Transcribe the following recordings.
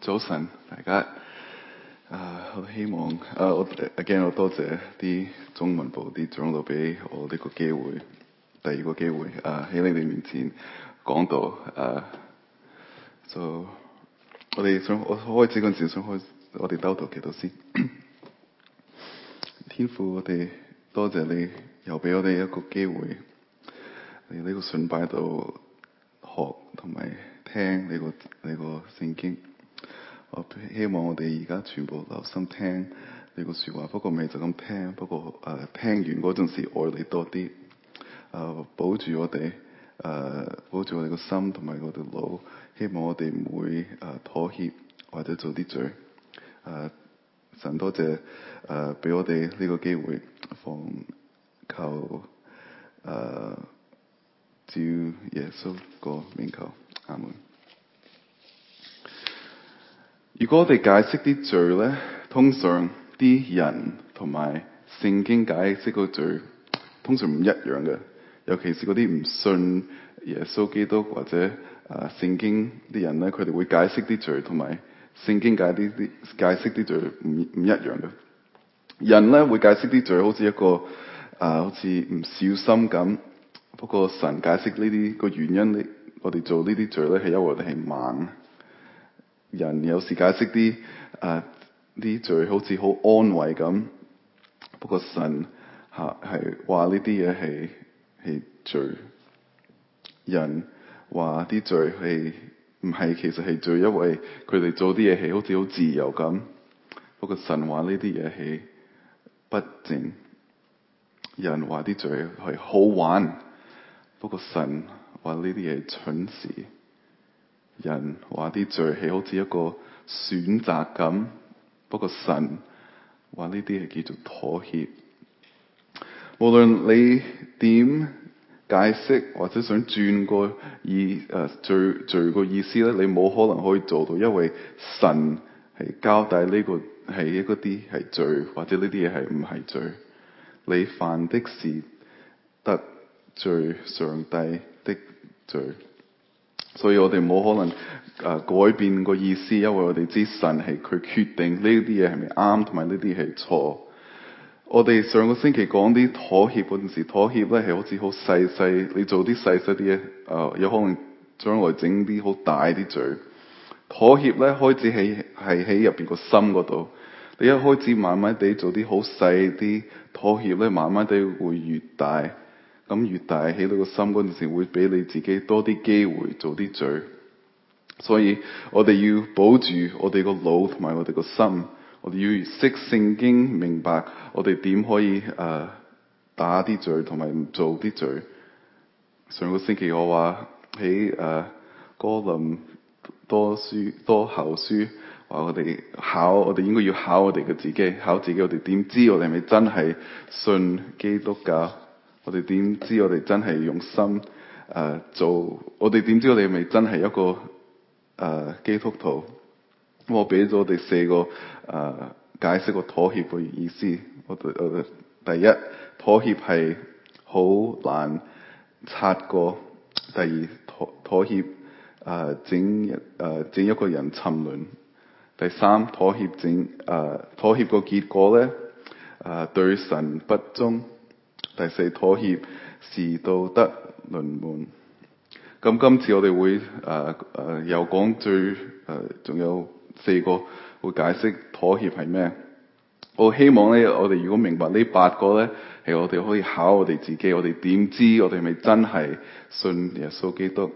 早晨，大家啊，好、uh, 希望啊，我、uh, again 我多謝啲中文部啲長老俾我呢個機會，第二個機會啊，喺、uh, 你哋面前講道啊，就、uh, so, 我哋想我開始陣時，想開我哋兜頭祈禱先。 天父，我哋多謝你又俾我哋一個機會，喺呢個崇拜度學同埋聽你個你個聖經。我希望我哋而家全部留心聽呢個說話，不過未就咁聽，不過誒、呃、聽完陣時愛你多啲，誒、呃、保住我哋，誒、呃、保住我哋個心同埋我哋個腦，希望我哋唔會誒、呃、妥協或者做啲罪。誒、呃，神多謝誒俾、呃、我哋呢個機會，求誒照耶穌個名求阿門。如果我哋解釋啲罪咧，通常啲人同埋聖經解釋個罪，通常唔一樣嘅。尤其是嗰啲唔信耶穌基督或者啊、呃、聖經啲人咧，佢哋會解釋啲罪同埋聖經解啲啲解釋啲罪唔唔一樣嘅。人咧會解釋啲罪好、呃，好似一個啊，好似唔小心咁。不過神解釋呢啲個原因，呢我哋做呢啲罪咧，係因為我哋係盲。人有時解釋啲誒、啲罪好似好安慰咁，不過神吓係話呢啲嘢係係罪。人話啲罪係唔係其實係罪，因為佢哋做啲嘢係好似好自由咁。不過神話呢啲嘢係不正。人話啲罪係好玩，不過神話呢啲嘢係蠢事。人話啲罪係好似一個選擇咁，不過神話呢啲係叫做妥協，無論你點解釋或者想轉個意誒、呃，罪罪個意思咧，你冇可能可以做到，因為神係交代呢、這個係嗰啲係罪，或者呢啲嘢係唔係罪。你犯的是得罪上帝的罪。所以我哋冇可能誒、呃、改變個意思，因為我哋知神係佢決定呢啲嘢係咪啱，同埋呢啲係錯。我哋上個星期講啲妥協嗰陣時妥協咧係好似好細細，你做啲細細啲嘢，誒、呃、有可能將來整啲好大啲罪。妥協咧開始係係喺入邊個心度，你一開始慢慢哋做啲好細啲妥協咧，慢慢哋會越大。咁越大，起到個心嗰陣時，會俾你自己多啲機會做啲罪。所以我哋要保住我哋個腦同埋我哋個心。我哋要識聖經，明白我哋點可以誒、呃、打啲罪，同埋唔做啲罪。上個星期我話喺誒哥林多書多後書，話我哋考我哋應該要考我哋嘅自己，考自己，我哋點知我哋係咪真係信基督教？我哋點知我哋真係用心誒、呃、做？我哋點知我哋係咪真係一個誒、呃、基督徒？我俾咗我哋四個誒、呃、解釋個妥協嘅意思。我我第一妥協係好難察覺。第二妥妥協誒、呃、整誒、啊、整一個人沉淪。第三妥協整誒、呃、妥協個結果咧誒、呃、對神不忠。第四妥協是道德輪門。咁今次我哋會誒誒又講最誒，仲、呃、有四個會解釋妥協係咩。我希望咧，我哋如果明白呢八個咧，係我哋可以考我哋自己，我哋點知我哋係咪真係信耶穌基督？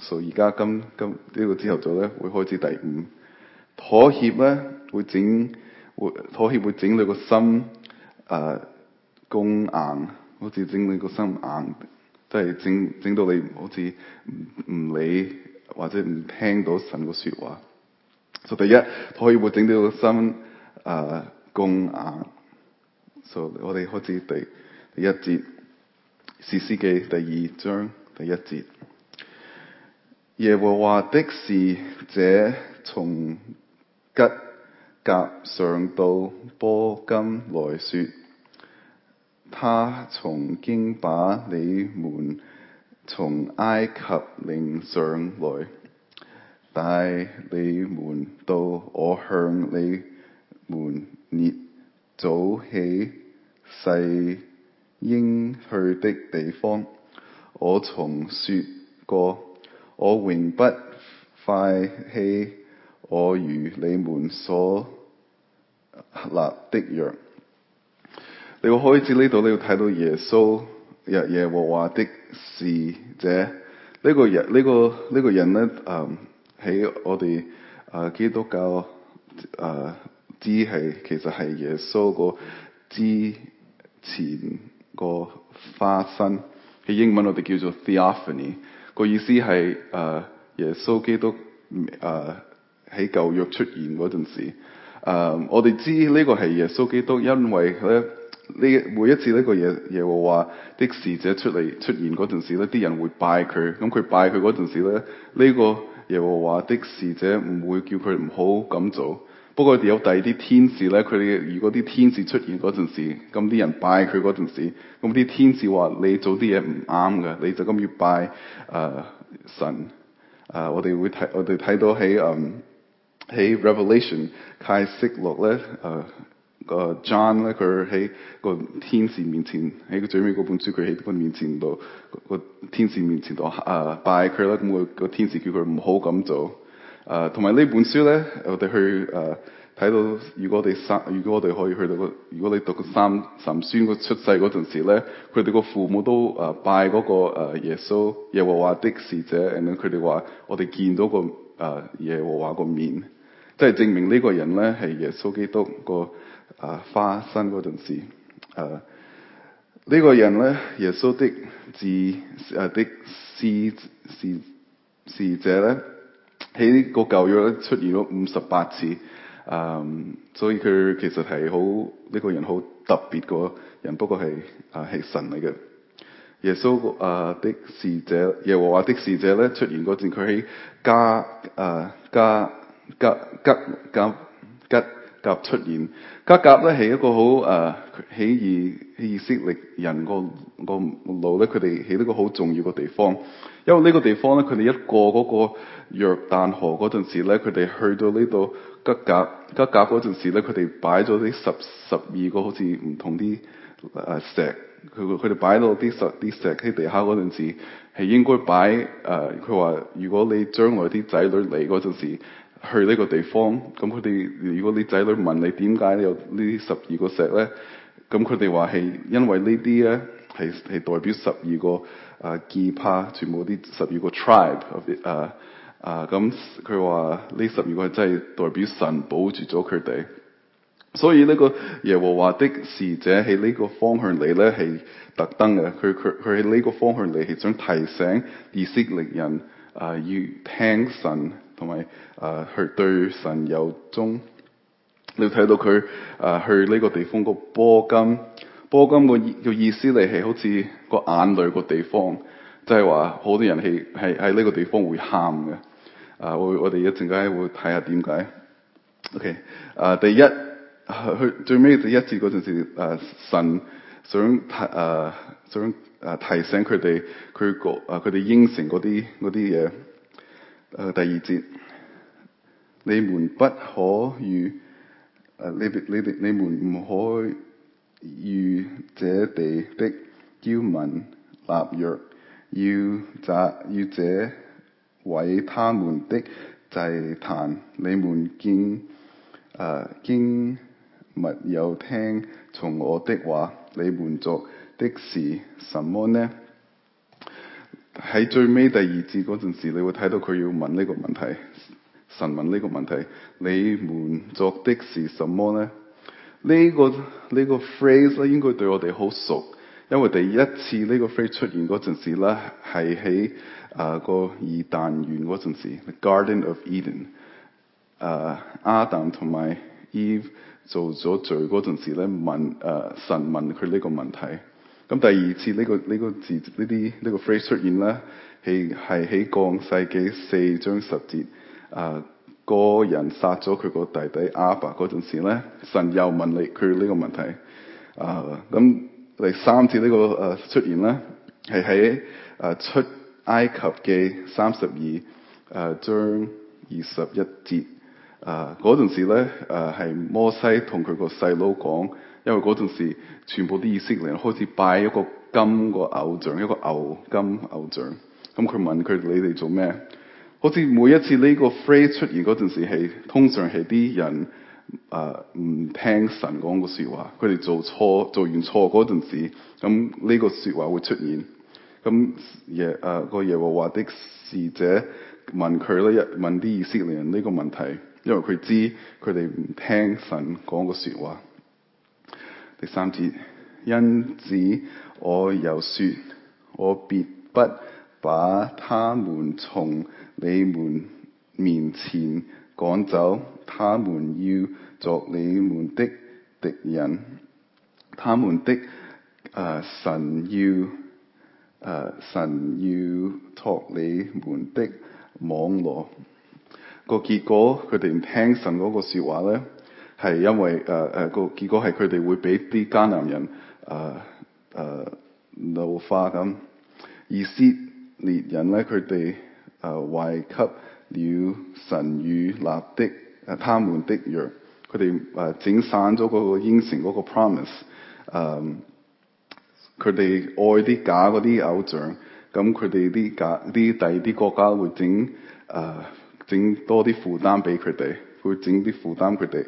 所以而家今今呢個朝頭早咧會開始第五妥協咧會整，會妥協會整理個心誒，剛、呃、硬。好似整你個心硬，即係整整到你好似唔理或者唔聽到神個說話。所、so, 第一可以會整到個心誒僵、呃、硬。所、so, 我哋開始第第一節，士師記第二章第一節。耶和華的使者從吉甲上到波金來說。他曾經把你們從埃及領上來，帶你們到我向你們列祖起誓應去的地方。我曾説過，我永不廢棄我與你們所立的約。你會開始呢度，你要睇到耶穌，耶和華的使者呢、這個這個這個人呢，呢個呢個人咧，誒喺我哋誒、呃、基督教誒、呃、知係其實係耶穌個之前個化身，喺英文我哋叫做 Theophany，這個意思係誒、呃、耶穌基督誒喺舊約出現嗰陣時、呃，我哋知呢個係耶穌基督，因為咧。呢每一次呢個耶耶和華的使者出嚟、出現嗰陣時呢啲人會拜佢。咁佢拜佢嗰陣時咧，呢、呢個耶和華的使者唔會叫佢唔好咁做。不過有第二啲天使咧，佢哋如果啲天使出現嗰陣時，咁啲人拜佢嗰陣時，咁啲天使話你做啲嘢唔啱嘅，你就咁要拜誒、呃、神。誒、呃，我哋會睇我哋睇到喺誒喺《嗯、Revelation》啟示錄咧誒。個 John 咧，佢喺個天使面前，喺最尾嗰本書，佢喺個面前度個天使面前度誒、呃、拜佢啦，咁個個天使叫佢唔好咁做誒。同埋呢本書咧，我哋去誒睇、呃、到，如果我哋三，如果我哋可以去到個，如果你讀個參孫，個出世嗰陣時咧，佢哋個父母都誒拜嗰個耶穌耶和華的使者，然後佢哋話：我哋見到個誒耶和華個面，即係證明呢個人咧係耶穌基督個。啊，花生嗰陣時，誒、啊、呢、這個人咧，耶穌的治誒、啊、的士士士，使者咧，喺個舊約咧出現咗五十八次，嗯、啊，所以佢其實係好呢個人好特別嘅人，不過係啊係神嚟嘅，耶穌的啊的使者，耶和華的使者咧出現嗰陣，佢喺加誒加加吉吉吉，啊甲出現，吉甲咧係一個好誒、呃，起以起以色列人個個路咧，佢哋起呢個好重要嘅地方。因為呢個地方咧，佢哋一過嗰個約旦河嗰陣時咧，佢哋去到呢度吉甲吉甲嗰陣時咧，佢哋擺咗啲十十二個好似唔同啲誒石，佢佢哋擺到啲十啲石喺地下嗰陣時，係應該擺誒。佢、呃、話如果你將來啲仔女嚟嗰陣時。去呢個地方，咁佢哋如果你仔女問你點解有呢十二個石咧，咁佢哋話係因為呢啲咧係係代表十二個啊支派，全部啲十二個 tribe 啊、呃呃、啊，咁佢話呢十二個係真係代表神保住咗佢哋，所以呢個耶和華的使者喺呢個方向嚟咧係特登嘅，佢佢佢喺呢個方向嚟係想提醒以色列人啊要、呃、聽神。同埋啊，去、呃、對神有忠。你睇到佢啊、呃，去呢個地方個波金，波金個意思嚟係好似個眼淚個地方，即係話好多人係係喺呢個地方會喊嘅。啊、呃，我我哋一陣間會睇下點解。OK，啊、呃，第一去最尾第一節嗰陣時、呃，神想啊、呃、想啊提醒佢哋佢個啊佢哋應承嗰啲啲嘢。誒、呃、第二節你們不可與誒、啊、你哋你哋你們唔可與這地的驕民立約，要拆要拆毀他們的祭壇，你們經誒、呃、經沒有聽從我的話，你們做的是什麼呢？喺最尾第二節陣時你會睇到佢要問呢個問題，神問呢個問題，你們作的是什麼呢？呢個呢個 phrase 咧，應該對我哋好熟，因為第一次呢個 phrase 出現陣時咧，係喺啊個伊甸園嗰陣時，The Garden of Eden，啊亞當同埋 Eve 做咗罪陣時咧，問啊、呃、神問佢呢個問題。咁第二次呢、這個呢、這個字呢啲呢個 phrase 出現啦，係係喺創世記四章十節啊、呃，個人殺咗佢個弟弟亞伯嗰陣時咧，神又問你佢呢個問題啊。咁、呃、第三次呢、這個誒、呃、出現啦，係喺誒出埃及記三十二誒、呃、章二十一節啊嗰陣時咧誒係摩西同佢個細佬講。因為嗰陣時，全部啲以色列人開始拜一個金個偶像，一個牛金偶像。咁佢問佢：你哋做咩？好似每一次呢個 phrase 出現嗰陣時，係通常係啲人啊呃、唔聽神講個說話，佢哋做錯，做完錯嗰陣時，咁呢個說話會出現。咁耶啊個、呃、耶和華的使者問佢咧，問啲以色列人呢個問題，因為佢知佢哋唔聽神講個說話。第三節，因此我又說，我別不把他們從你們面前趕走，他們要作你們的敵人，他們的誒、呃、神要誒、呃、神要托你們的網羅。個 結果，佢哋唔聽神嗰個説話咧。係因為誒誒、呃啊、個結果係佢哋會俾啲迦南人誒誒怒化咁，以、啊、色列人咧佢哋誒壞給了神與立的誒、啊、他們的約，佢哋誒整散咗嗰個應承嗰個 promise，誒、啊、佢哋愛啲假嗰啲偶像，咁佢哋啲假啲第二啲國家會整誒、啊、整多啲負擔俾佢哋，會整啲負擔佢哋。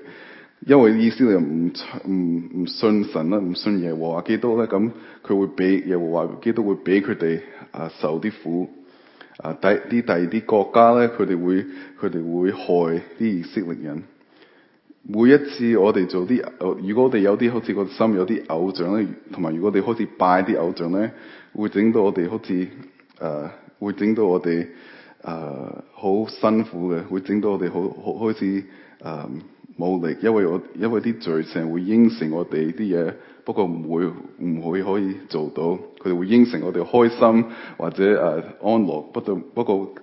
因為意思佢又唔唔唔信神咧，唔信耶和華基督咧，咁佢會俾耶和華基督會俾佢哋啊受啲苦啊，第啲第二啲國家咧，佢哋會佢哋會，會害啲以色列人。每一次我哋做啲，如果我哋有啲好似個心有啲偶像咧，同埋如果我哋開始拜啲偶像咧，會整到我哋好似誒、呃、會整到我哋誒好辛苦嘅，會整到我哋好好開始誒。冇力，因為我因為啲罪成會應承我哋啲嘢，不過唔會唔會可以做到。佢哋會應承我哋開心或者誒、uh, 安樂，不過不過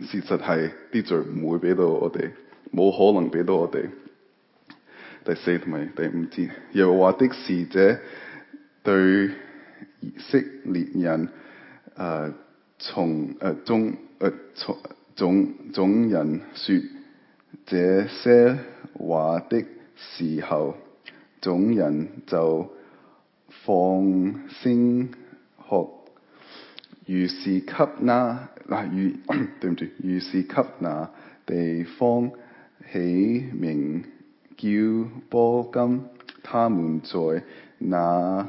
事實係啲罪唔會俾到我哋，冇可能俾到我哋。第四同埋第五節，耶和華的使者對以色列人誒、呃、從誒中誒從種種、呃呃、人說這些，話的時候，眾人就放聲哭。於是給那嗱、啊，對唔住，於是給那地方起名叫波金。他們在那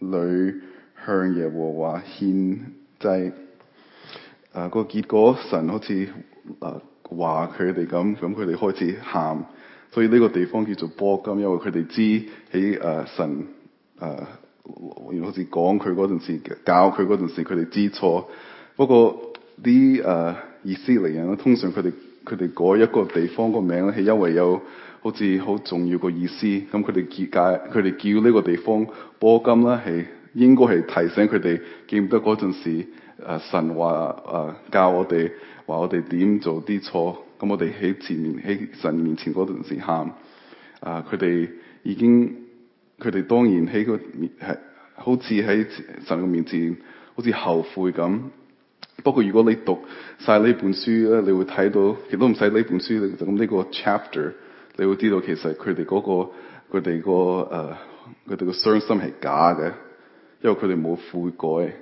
裡向耶和華獻祭。誒、啊，這個結果神好似誒。啊話佢哋咁，咁佢哋開始喊，所以呢個地方叫做波金，因為佢哋知喺誒神誒，呃、好似講佢嗰陣時教佢嗰陣時，佢哋知錯。不過啲誒、呃、意思嚟嘅，通常佢哋佢哋改一個地方個名咧，係因為有好似好重要個意思。咁佢哋叫解，佢哋叫呢個地方波金咧，係應該係提醒佢哋記唔記得嗰陣時。誒、呃、神話誒、呃、教我哋話我哋點做啲錯，咁、嗯、我哋喺前面喺神面前陣時喊，啊佢哋已經佢哋當然喺個面係好似喺神嘅面前，好似後悔咁。不過如果你讀晒呢本書咧，你會睇到，亦都唔使呢本書就咁呢個 chapter，你會知道其實佢哋，嗰個佢哋，嗰個誒佢哋嘅傷心係假嘅，因為佢哋冇悔改。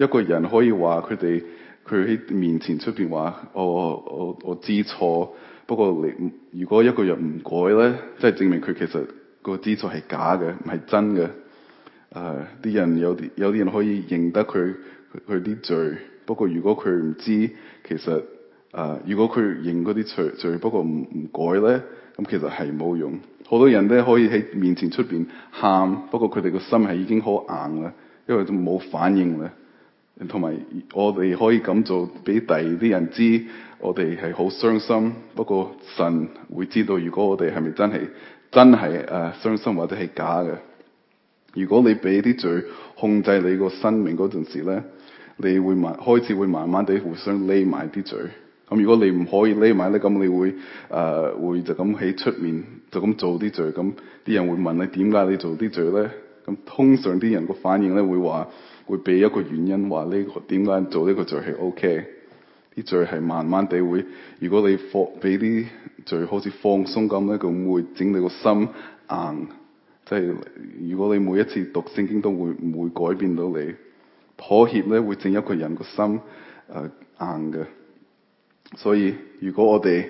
一個人可以話佢哋，佢喺面前出邊話，我我我知錯。不過你如果一個人唔改呢，即係證明佢其實個知錯係假嘅，唔係真嘅。誒、呃，啲人有啲有啲人可以認得佢佢啲罪，不過如果佢唔知，其實誒、呃，如果佢認嗰啲罪罪，不過唔唔改呢，咁其實係冇用。好多人呢可以喺面前出邊喊，不過佢哋個心係已經好硬啦，因為都冇反應啦。同埋我哋可以咁做，俾第二啲人知，我哋係好傷心。不過神會知道，如果我哋係咪真係真係誒傷心，或者係假嘅？如果你俾啲罪控制你個生命嗰陣時咧，你會慢開始會慢慢地互相匿埋啲罪。咁如果你唔可以匿埋咧，咁你會誒、呃、會就咁喺出面就咁做啲罪。咁啲人會問你點解你做啲罪咧？咁通常啲人個反應咧會話。會俾一個原因，話呢、這個點解做呢個罪係 O.K. 啲罪係慢慢地會，如果你放俾啲罪好似放鬆咁咧，佢會整你個心硬。即係如果你每一次讀聖經都會唔會，會改變到你？妥協咧會整一個人個心誒、呃、硬嘅。所以如果我哋誒、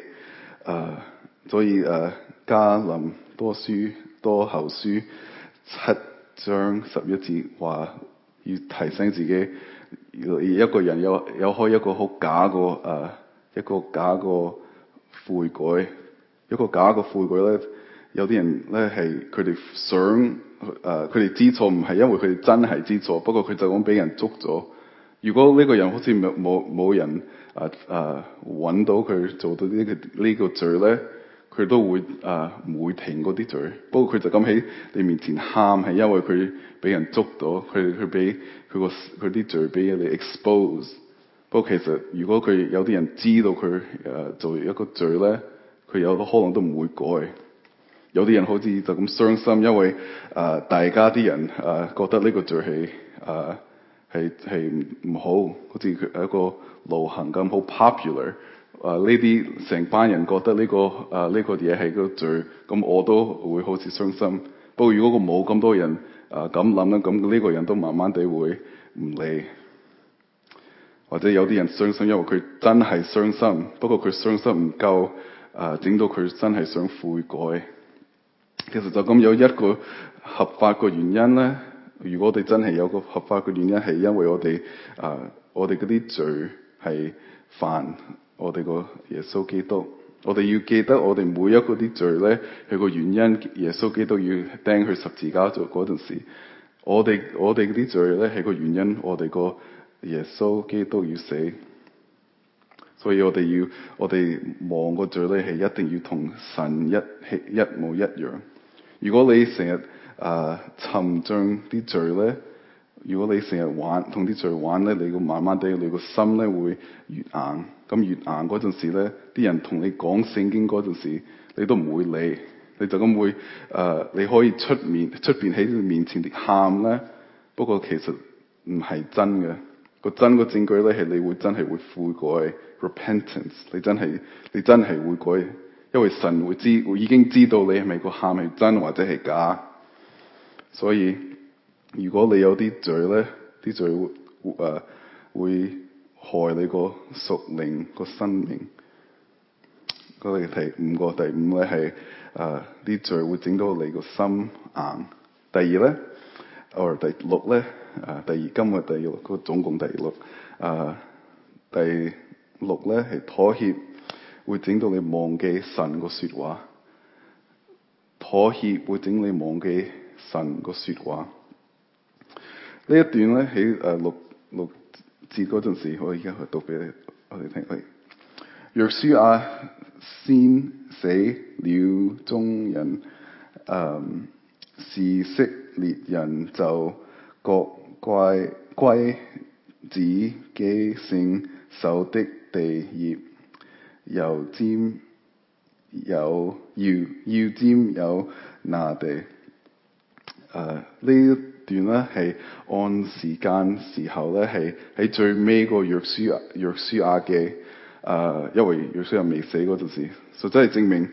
呃，所以誒哥、呃、林多書多後書七章十一節話。要提升自己，而一個人有有開一個好假個誒、呃、一個假個悔改，一個假個悔改咧，有啲人咧係佢哋想誒佢哋知錯，唔係因為佢哋真係知錯，不過佢就咁俾人捉咗。如果呢個人好似冇冇冇人誒誒揾到佢做到呢個呢個罪咧？佢都會誒唔、呃、會停嗰啲罪，不過佢就咁喺你面前喊，係因為佢俾人捉到，佢佢俾佢個佢啲罪俾你 expose。不過其實如果佢有啲人知道佢誒、呃、做一個罪咧，佢有好可能都唔會改。有啲人好似就咁傷心，因為誒、呃、大家啲人誒、呃、覺得呢個罪係誒係係唔好，好似佢有一個流行咁好 popular。啊！呢啲成班人覺得呢、這個啊呢、呃、這個嘢係個罪，咁我都會好似傷心。不過如果個冇咁多人啊咁諗啦，咁、呃、呢個人都慢慢地會唔理，或者有啲人傷心，因為佢真係傷心。傷心，不過佢傷心唔夠啊，整、呃、到佢真係想悔改。其實就咁有一個合法嘅原因咧。如果我哋真係有個合法嘅原因，係因為我哋啊、呃，我哋嗰啲罪係犯。我哋個耶穌基督，我哋要記得我哋每一個啲罪咧，係個原因耶穌基督要釘去十字架做嗰陣時，我哋我哋啲罪咧係個原因我哋個耶穌基督要死，所以我哋要我哋望個罪咧係一定要同神一起一模一樣。如果你成日啊沉重啲罪咧。如果你成日玩，同啲人玩咧，你會慢慢地，你個心咧會越硬。咁越硬嗰陣時咧，啲人同你講聖經嗰陣時，你都唔會理，你就咁會誒、呃，你可以出面出邊喺面前嚟喊咧。不過其實唔係真嘅，個真個證據咧係你會真係會悔改，repentance，你真係你真係會改，因為神會知，會已經知道你係咪個喊係真或者係假，所以。如果你有啲罪咧，啲罪誒會、會害你個屬靈個生命。嗰個第五個，第五咧係誒啲罪會整到你個心硬。第二咧，哦，第六咧，誒，第二今日第六個總共第六誒第六咧係妥協，會整到你忘記神個說話。妥協會整你忘記神個說話。呢一段咧喺誒六六節嗰陣時，我而家去讀俾你去聽。喂，約書亞、啊、先死了中人，誒、嗯、以色列人就各怪歸自己承受的地業，又佔有要要佔有那地，誒、呃、呢？段咧係按時間時候咧係喺最尾個約書約書亞嘅，誒，因為約書亞未死嗰陣時，就真係證明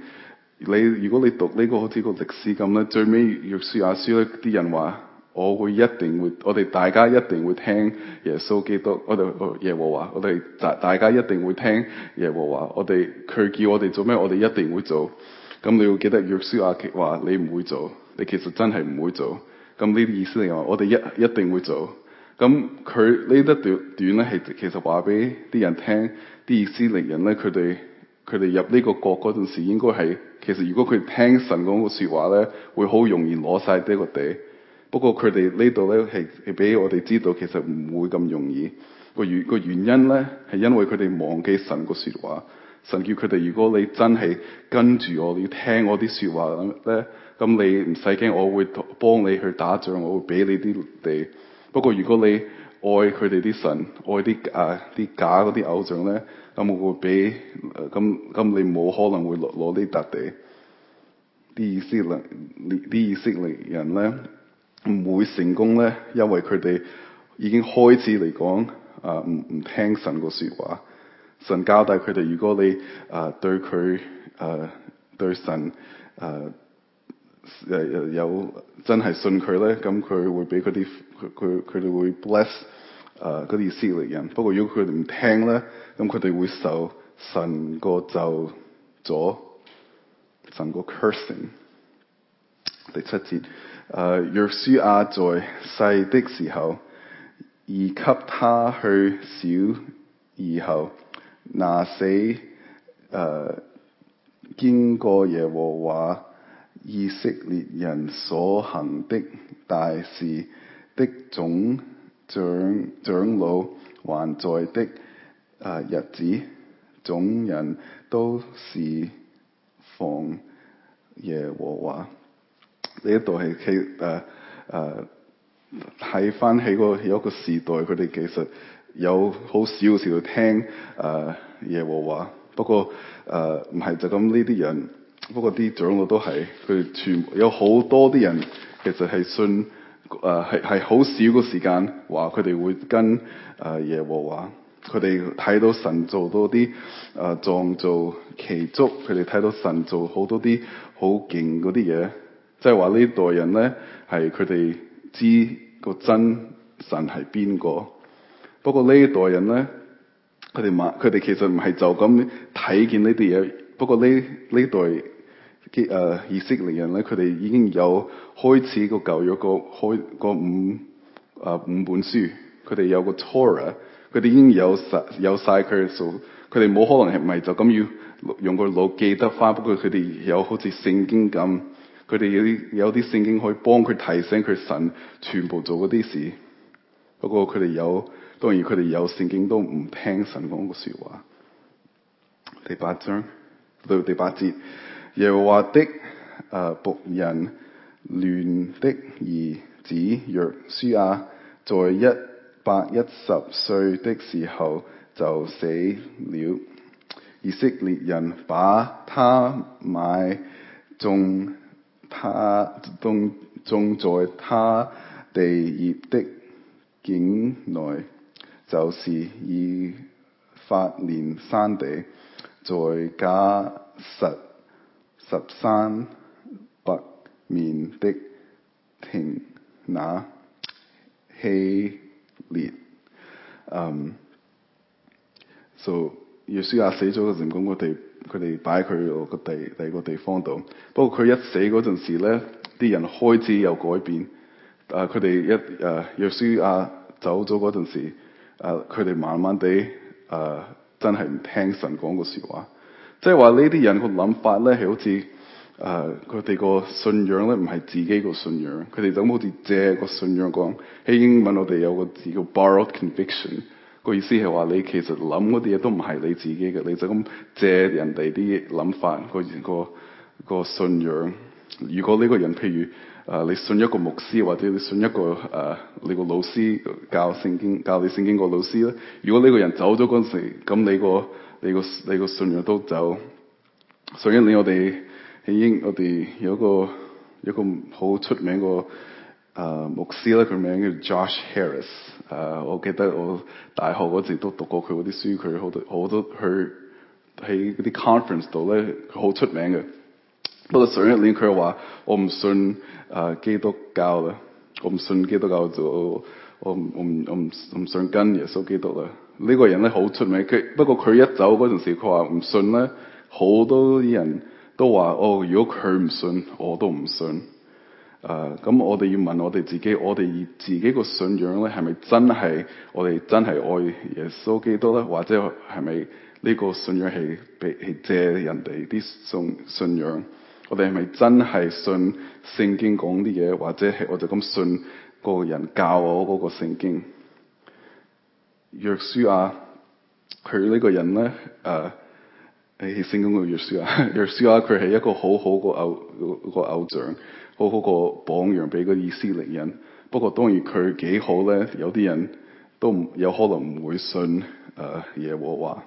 你如果你讀呢、呢個好似個歷史咁咧，最尾約書亞書咧啲人話：我會一定會我哋大家一定會聽耶穌基督，我哋、哦、耶和華，我哋大大家一定會聽耶和華，我哋佢叫我哋做咩，我哋一定會做。咁你會記得約書亞話你唔會做，你其實真係唔會做。咁呢啲意思嚟話，我哋一一定會做。咁佢呢一段短咧，係其實話俾啲人聽，啲意思令人咧，佢哋佢哋入呢個國嗰陣時，應該係其實如果佢哋聽神嗰個說話咧，會好容易攞晒呢個地。不過佢哋呢度咧係係俾我哋知道，其實唔會咁容易。個原個原因咧，係因為佢哋忘記神個說話。神叫佢哋，如果你真係跟住我，你要聽我啲說話咧，咁你唔使驚，我會幫你去打仗，我會俾你啲地。不過如果你愛佢哋啲神，愛啲啊啲假啲偶像咧，咁我會俾，咁、啊、咁你冇可能會攞攞呢笪地。啲以色列啲以色列人咧唔會成功咧，因為佢哋已經開始嚟講啊，唔唔聽神個說話。神交代佢哋，如果你啊、呃、對佢啊、呃、對神啊誒、呃、有真係信佢咧，咁、嗯、佢會俾佢啲佢佢哋會 bless 啊嗰啲以色列人。不過如果佢哋唔聽咧，咁佢哋會受神個咒詛，神個 cursing。第七節誒，約、呃、書亞、啊、在世的時候，而給他去小以後。那死誒、呃、經過耶和華以色列人所行的大事的總長長老還在的誒、呃、日子，總人都事奉耶和華。呢、呃呃、一度係佢誒誒睇返起個有一個時代，佢哋其實。有好少嘅時候聽誒、呃、耶和華，不過誒唔係就咁呢啲人，不過啲長老都係佢哋全有好多啲人其實係信誒係係好少嘅時間話佢哋會跟誒、呃、耶和華，佢哋睇到神做多啲誒創造奇蹟，佢哋睇到神做好多啲好勁啲嘢，即係話呢代人咧係佢哋知個真神係邊個。不過呢代人咧，佢哋話佢哋其實唔係就咁睇見呢啲嘢。不過呢呢代嘅、uh, 以色列人咧，佢哋已經有開始個舊約個開五啊五本書，佢哋有個《Torah》，佢哋已經有有晒佢嘅數，佢哋冇可能係咪就咁要用個腦記得翻。不過佢哋有好似聖經咁，佢哋有啲有啲聖經可以幫佢提醒佢神全部做嗰啲事。不過佢哋有。當然佢哋有聖經都唔聽神講嘅說話。第八章到第八節，耶和華的僕、呃、人亂的兒子約書亞、啊，在一百一十歲的時候就死了。以色列人把他埋種他種種在他地業的境內。就是以法蓮山地，在迦實山北面的亭那希列，嗯，就約書亞死咗嘅成功嘅地，佢哋擺佢個地，第二個地方度。不過佢一死陣時咧，啲人開始有改變。啊，佢哋一誒約書亞走咗陣時。誒佢哋慢慢哋誒、uh, 真係唔聽神講個説話，即係話呢啲人個諗法咧係好似誒佢哋個信仰咧，唔係自己個信仰，佢哋就好似借個信仰講。喺英文我哋有個字叫 borrowed conviction，個意思係話你其實諗嗰啲嘢都唔係你自己嘅，你就咁借人哋啲諗法、嗰個個、嗰個信仰。如果呢個人譬如，啊！你信一個牧師，或者你信一個啊、呃，你個老師教聖經、教你聖經個老師咧。如果呢個人走咗嗰陣時，咁你個你個你個信仰都走。上一你我哋已經我哋有一個有一個好出名個啊、呃、牧師咧，佢名叫 Josh Harris。啊、呃，我記得我大學嗰陣都讀過佢嗰啲書，佢好多好多佢喺嗰啲 conference 度咧，佢好出名嘅。不過上一年佢又話我唔信，誒、呃、基督教啦，我唔信基督教就我我唔我唔唔信跟耶穌基督啦。呢、呢個人咧好出名，佢不過佢一走嗰陣時，佢話唔信咧，好多啲人都話哦，如果佢唔信，我都唔信。誒、呃，咁我哋要問我哋自己，我哋自己個信仰咧係咪真係我哋真係愛耶穌基督咧？或者係咪呢個信仰係俾係借人哋啲信信仰？我哋係咪真係信聖經講啲嘢，或者係我就咁信個人教我嗰個聖經？約書亞佢呢個人咧誒、啊哎，聖經嘅約書亞，約書亞佢係一個好好個偶個偶像，好好個榜樣俾嗰啲以色列人。不過當然佢幾好咧，有啲人都有可能唔會信誒耶和華。啊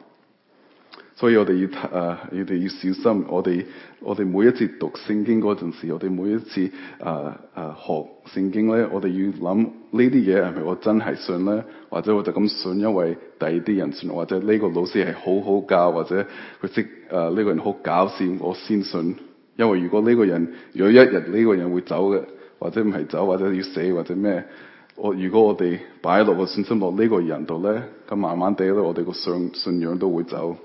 所以我哋要誒，你哋要小心。我哋我哋每一次讀聖經嗰陣時，我哋每一次誒誒、呃呃、學聖經咧，我哋要諗呢啲嘢係咪我真係信咧？或者我就咁信，因為第二啲人信，或者呢個老師係好好教，或者佢識誒呢個人好搞笑，我先信。因為如果呢個人有一日呢、呢個人會走嘅，或者唔係走，或者要死或者咩？我如果我哋擺落個信心落呢個人度咧，咁慢慢哋咧，我哋個信信仰都會走。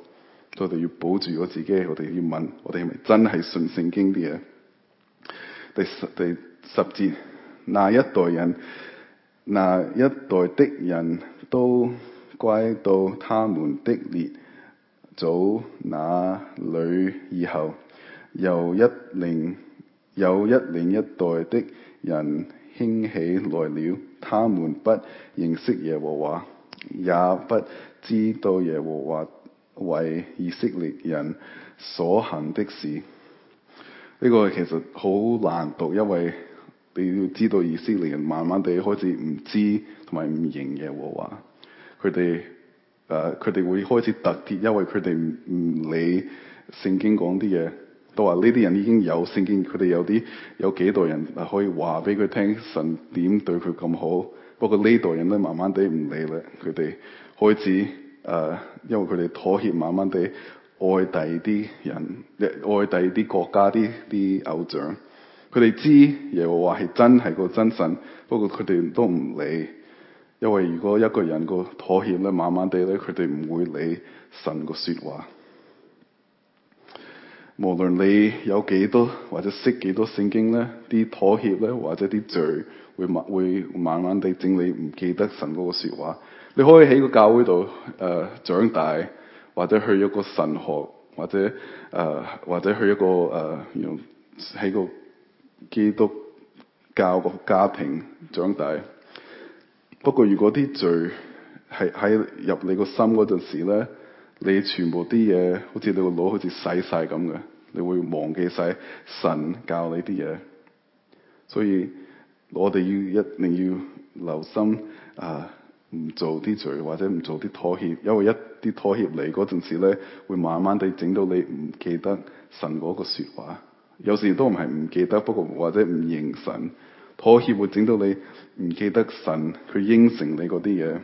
我哋要保住我自己，我哋要問，我哋係咪真係信聖經啲嘢？第十第十節，那一代人，那一代的人都歸到他們的列祖那裏以後，又一另有一另一,一代的人興起來了，他們不認識耶和華，也不知道耶和華。為以色列人所行的事，呢、這個其實好難讀，因為你要知道以色列人慢慢地開始唔知同埋唔認嘅話，佢哋誒佢哋會開始特別，因為佢哋唔理聖經講啲嘢，都話呢啲人已經有聖經，佢哋有啲有幾代人可以話俾佢聽神點對佢咁好，不過呢代人都慢慢地唔理啦，佢哋開始。誒，uh, 因為佢哋妥協，慢慢地愛第啲人，愛第啲國家啲啲偶像。佢哋知耶和華係真係個真神，不過佢哋都唔理。因為如果一個人個妥協咧，慢慢地咧，佢哋唔會理神個說話。無論你有幾多或者識幾多聖經咧，啲妥協咧或者啲罪會慢會慢慢地整你唔記得神嗰個說話。你可以喺個教會度，誒，長大，或者去一個神學，或者誒、呃，或者去一個誒，用、呃、喺個基督教個家庭長大。不過如果啲罪係喺入你個心嗰陣時咧，你全部啲嘢，好似你個腦好似洗晒咁嘅，你會忘記晒神教你啲嘢。所以我哋要一定要留心啊！呃唔做啲罪，或者唔做啲妥協，因為一啲妥協嚟陣時咧，會慢慢地整到你唔記得神個說話。有時都唔係唔記得，不過或者唔認神妥協會整到你唔記得神佢應承你啲嘢。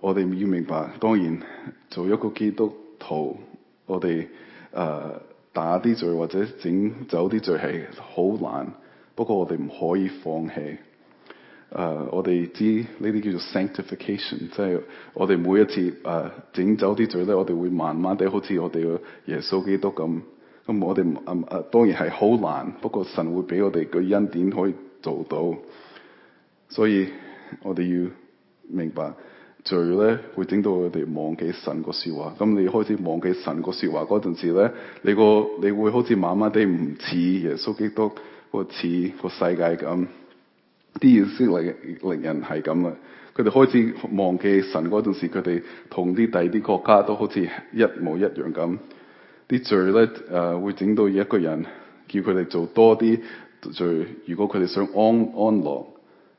我哋要明白，當然做一個基督徒，我哋誒、呃、打啲罪或者整走啲罪係好難，不過我哋唔可以放棄。誒，uh, 我哋知呢啲叫做 sanctification，即係我哋每一次誒整、uh, 走啲罪咧，我哋會慢慢地好似我哋嘅耶穌基督咁。咁我哋誒誒，當然係好難，不過神會俾我哋個恩典可以做到。所以我哋要明白罪咧會整到我哋忘記神個說話。咁、嗯、你開始忘記神個說話嗰陣時咧，你個你會好似慢慢哋唔似耶穌基督，個似個世界咁。啲意思嚟令人係咁啦，佢哋開始忘記神嗰陣時，佢哋同啲第二啲國家都好似一模一樣咁。啲罪咧誒會整到一個人叫佢哋做多啲罪，如果佢哋想安安樂，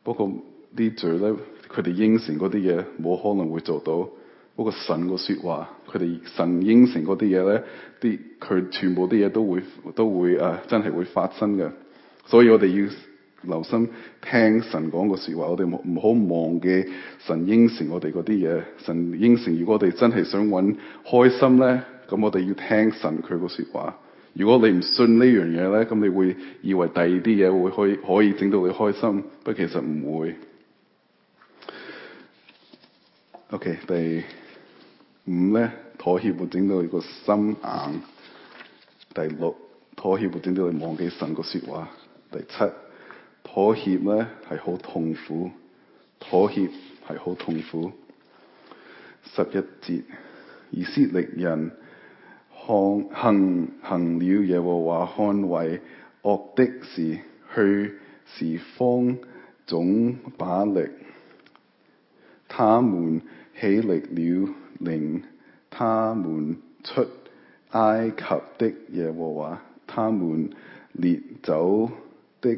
不過啲罪咧，佢哋應承嗰啲嘢冇可能會做到。不過神個說話，佢哋神應承嗰啲嘢咧，啲佢全部啲嘢都會都會誒、啊、真係會發生嘅。所以我哋要。留心聽神講個說話，我哋唔唔好忘記神應承我哋啲嘢。神應承，如果我哋真係想搵開心咧，咁我哋要聽神佢個說話。如果你唔信呢樣嘢咧，咁你會以為第二啲嘢會可以可以整到你開心，不過其實唔會。OK，第五咧，妥協會整到你個心硬。第六，妥協會整到你忘記神個說話。第七。妥協呢，係好痛苦，妥協係好痛苦。十一節 以色列人看行行了耶和華看為惡的事，去事奉諸巴力，他們起力了，領他們出埃及的耶和華，他們列祖的。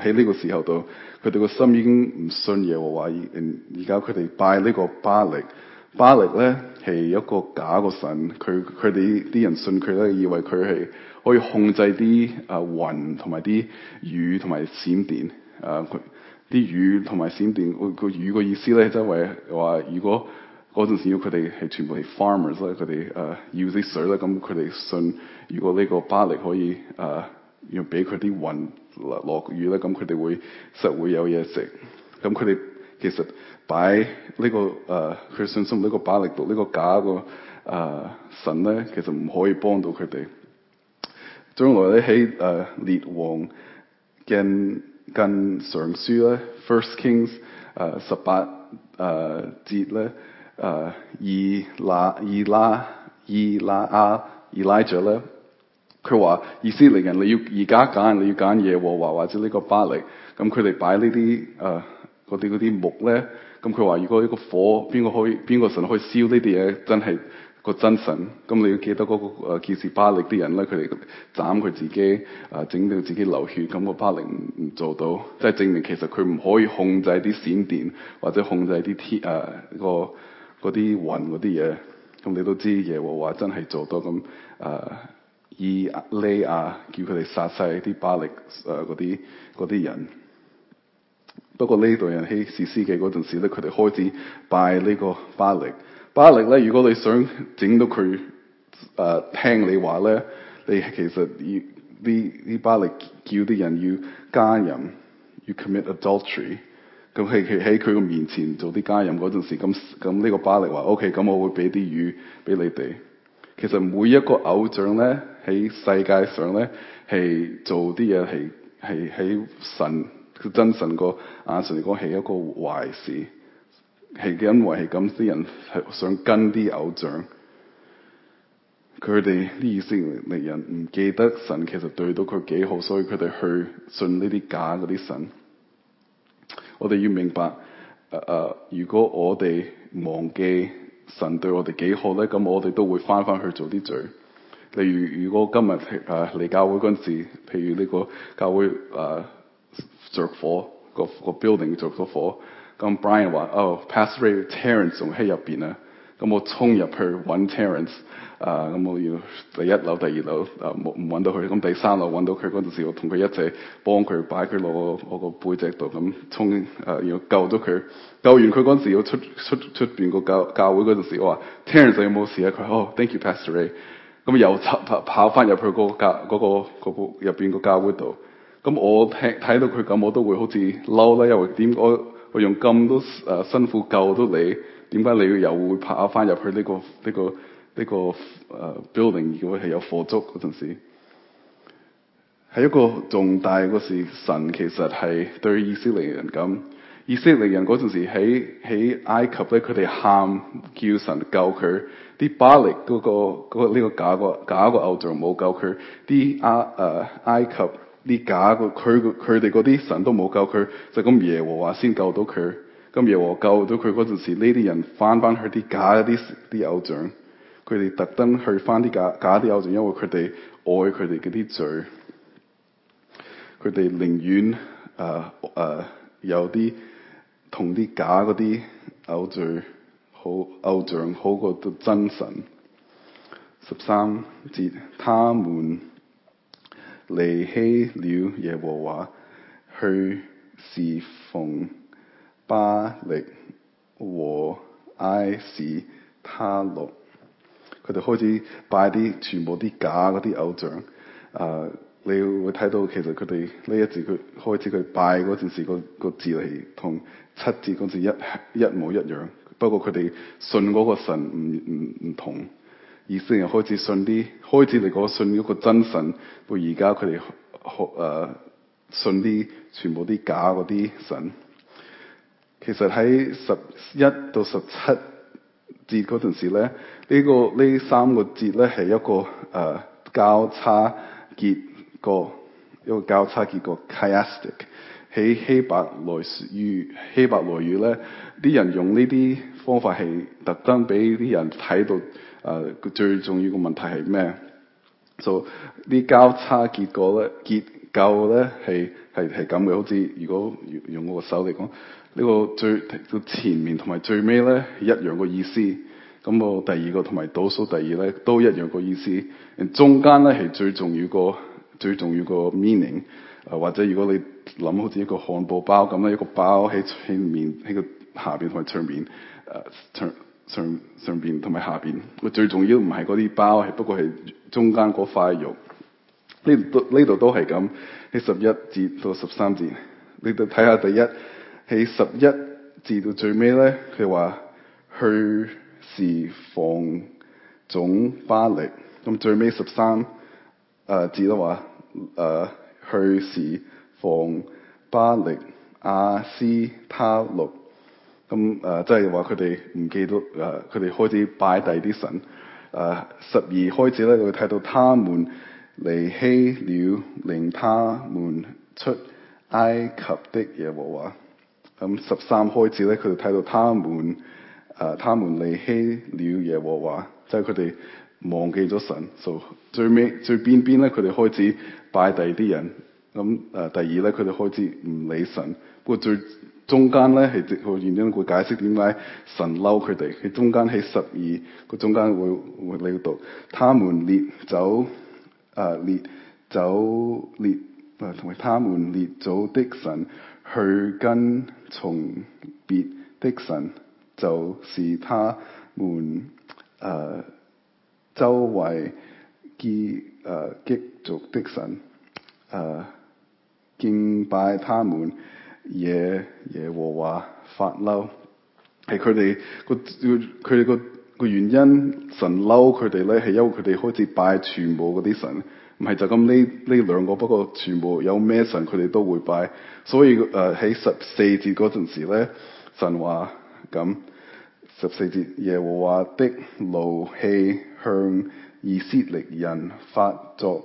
喺呢個時候度，佢哋個心已經唔信耶和華。而家佢哋拜呢個巴力，巴力咧係一個假個神。佢佢哋啲人信佢咧，以為佢係可以控制啲啊、呃、雲同埋啲雨同埋閃電。啊、呃，啲雨同埋閃電個雨個意思咧，即係話如果嗰陣時要佢哋係全部係 farmers 咧，佢哋啊要啲水咧，咁佢哋信如果呢個巴力可以啊要俾佢啲雲。落雨咧，咁佢哋會實會有嘢食。咁佢哋其實擺呢、這個誒，佢、呃、信心呢個巴力度呢、這個假個誒、呃、神咧，其實唔可以幫到佢哋。將來咧喺誒列王紀上書咧，《First Kings、呃》誒十八誒、呃、節咧誒以拉以拉以拉阿以拉著咧。佢話意思嚟，人你要而家揀，你要揀耶和華或者呢個巴力。咁佢哋擺呢啲誒嗰啲啲木咧。咁佢話，如果一個火邊個可以邊個神可以燒呢啲嘢，真係、這個真神。咁你要記得嗰、那個誒見、啊、巴力啲人咧，佢哋斬佢自己誒，整、呃、到自己流血。咁、嗯這個巴力唔做到，即係證明其實佢唔可以控制啲閃電或者控制啲天誒啲雲嗰啲嘢。咁、呃那個、你都知耶和華真係做到咁誒。以利亞叫佢哋殺晒啲巴力誒嗰啲嗰啲人。不過斯斯呢代人喺士師記嗰陣時咧，佢哋開始拜呢個巴力。巴力咧，如果你想整到佢誒、呃、聽你話咧，你其實要啲啲巴力叫啲人要奸淫，要 commit adultery。咁喺喺佢個面前做啲奸淫嗰陣時，咁咁呢個巴力話，OK，咁我會俾啲魚俾你哋。其實每一個偶像咧。喺世界上咧，係做啲嘢係係喺神個真神個眼神嚟講係一個壞事，係因為係咁啲人係想跟啲偶像，佢哋啲意思令人唔記得神其實對到佢幾好，所以佢哋去信呢啲假嗰啲神。我哋要明白，誒、呃、誒、呃，如果我哋忘記神對我哋幾好咧，咁我哋都會翻翻去做啲罪。例如如果今日誒嚟教會嗰陣時，譬如呢個教會誒、呃、着火個個 building 着咗火，咁 Brian 話：哦、oh,，Pastor Ray Terence,、Terence 仲喺入邊啊！咁我衝入去揾 Terence 誒、呃、咁我、嗯、要第一樓、第二樓誒唔揾到佢，咁、嗯、第三樓揾到佢嗰陣時，我同佢一齊幫佢擺佢攞我個背脊度，咁衝誒要救到佢。救完佢嗰陣時，我出出出邊個教教會嗰陣時，我話 Terence 有冇事啊？佢好、oh, Thank you, Pastor Ray。咁又跑跑翻入去嗰個教嗰入邊個、嗰個嗰個、面教會度，咁我聽睇到佢咁，我都會好似嬲啦，因為點我我用咁多誒辛苦救到你，點解你又會跑翻入去呢個呢、呢個呢、呢個誒 building？如果係有火燭嗰陣時，係一個重大個時，神其實係對以色列人咁。以色列人嗰陣時喺喺埃及咧，佢哋喊叫神救佢，啲巴力嗰、嗰個呢、嗰個、個假個假個偶像冇救佢，啲埃誒埃及啲假個佢佢哋嗰啲神都冇救佢，就咁耶和華先救到佢。咁耶和華救到佢嗰陣時，呢啲人翻翻去啲假啲啲偶像，佢哋特登去翻啲假假啲偶像，因為佢哋愛佢哋嗰啲罪，佢哋寧願誒誒、呃呃呃、有啲。同啲假嗰啲偶像好偶像好過到真神。十三節，他們離棄了耶和華，去侍奉巴力和亞斯他錄。佢哋開始拜啲全部啲假啲偶像。啊、呃，你會睇到其實佢哋呢一節佢開始佢拜嗰陣時個、那個字係同。七節嗰陣一一模一樣，不過佢哋信嗰個神唔唔唔同，意思係開始信啲，開始嚟講信一個真神，到而家佢哋學誒信啲全部啲假嗰啲神。其實喺十一到十七節嗰陣時咧，呢、呢個呢三個節咧係一個誒、呃、交叉結果，一個交叉結果 chiastic 喺希伯來語，希伯來語咧，啲人用呢啲方法係特登俾啲人睇到，誒、呃、最重要嘅問題係咩？就、so, 啲交叉結果咧，結構咧係係係咁嘅，好似如果用，用我個手嚟講，呢、這個最前面同埋最尾咧一樣個意思，咁我第二個同埋倒數第二咧都一樣個意思，中間咧係最重要個最重要個 meaning，誒、呃、或者如果你。諗好似一個漢堡包咁啦，一個包喺喺面喺個下邊同埋上面，誒上面、呃、上上邊同埋下邊。最重要唔係嗰啲包，係不過係中間嗰塊肉。呢度呢度都係咁，喺十一至到十三節，你都睇下第一喺十一至到最尾咧，佢話去事奉諸巴力。咁最尾十三誒節咧話誒、呃、去事。王巴力、亞斯他錄咁誒，即係話佢哋唔記得誒，佢、呃、哋開始拜第啲神。誒、呃，十二開始咧，佢哋睇到他們離棄了，令他們出埃及的耶和華。咁十三開始咧，佢哋睇到他們誒，他們離棄了耶和華，即係佢哋忘記咗神，就最尾最邊邊咧，佢哋開始拜第啲人。咁誒第二咧，佢哋開始唔理神。不過最中間咧，係直去原因會解釋點解神嬲佢哋。佢中間喺十二個中間會會你讀，他們列走誒、呃、列走列誒，同埋他們列祖的神去跟從別的神，就是他們誒、呃、周圍結誒結族的神誒。呃敬拜他們，耶耶和華發嬲，係佢哋個佢哋個個個原因，神嬲佢哋咧，係因為佢哋開始拜全部嗰啲神，唔係就咁呢呢兩個，不過全部有咩神佢哋都會拜，所以誒喺、呃、十四節嗰陣時咧，神話咁十四節耶和華的怒氣向以色列人發作，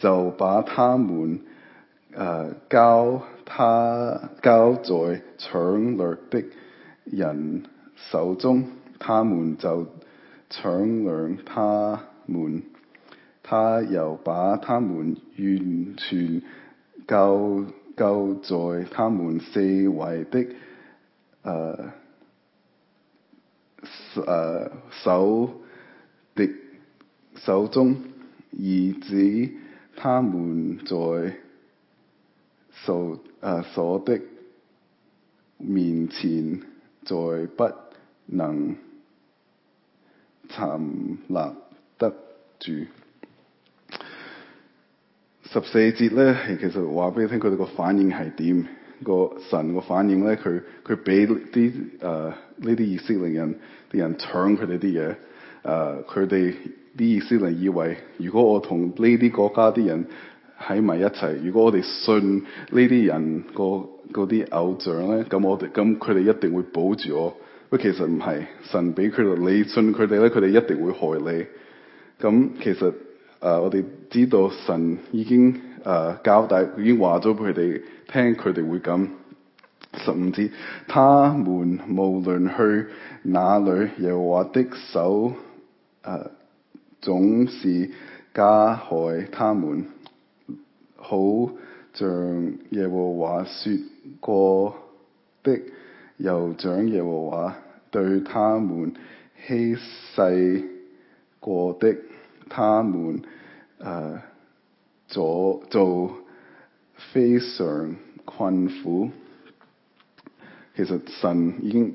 就把他們。誒、呃、交他交在搶掠的人手中，他們就搶掠他們，他又把他們完全交交在他們四圍的誒誒仇敵手中，以致他們在。就啊所，、呃、所的面前，再不能站立得住。十四節咧，其實話俾你聽，佢哋個反應係點？個神個反應咧，佢佢俾啲誒呢啲以色列，令、呃、人啲人搶佢哋啲嘢。誒、呃，佢哋啲以色列，人以為如果我同呢啲國家啲人，喺埋一齊，如果我哋信呢啲人個啲偶像咧，咁我哋咁佢哋一定會保住我。喂，其實唔係神俾佢，你信佢哋咧，佢哋一定會害你。咁其實誒、呃、我哋知道神已經誒、呃、交代，已經話咗俾佢哋聽佢哋會咁。甚至他們無論去哪裏，耶和華的手誒、呃、總是加害他們。好像耶和華說過的，又像耶和華對他們稀世過的，他們誒咗、啊、做，做非常困苦。其實神已經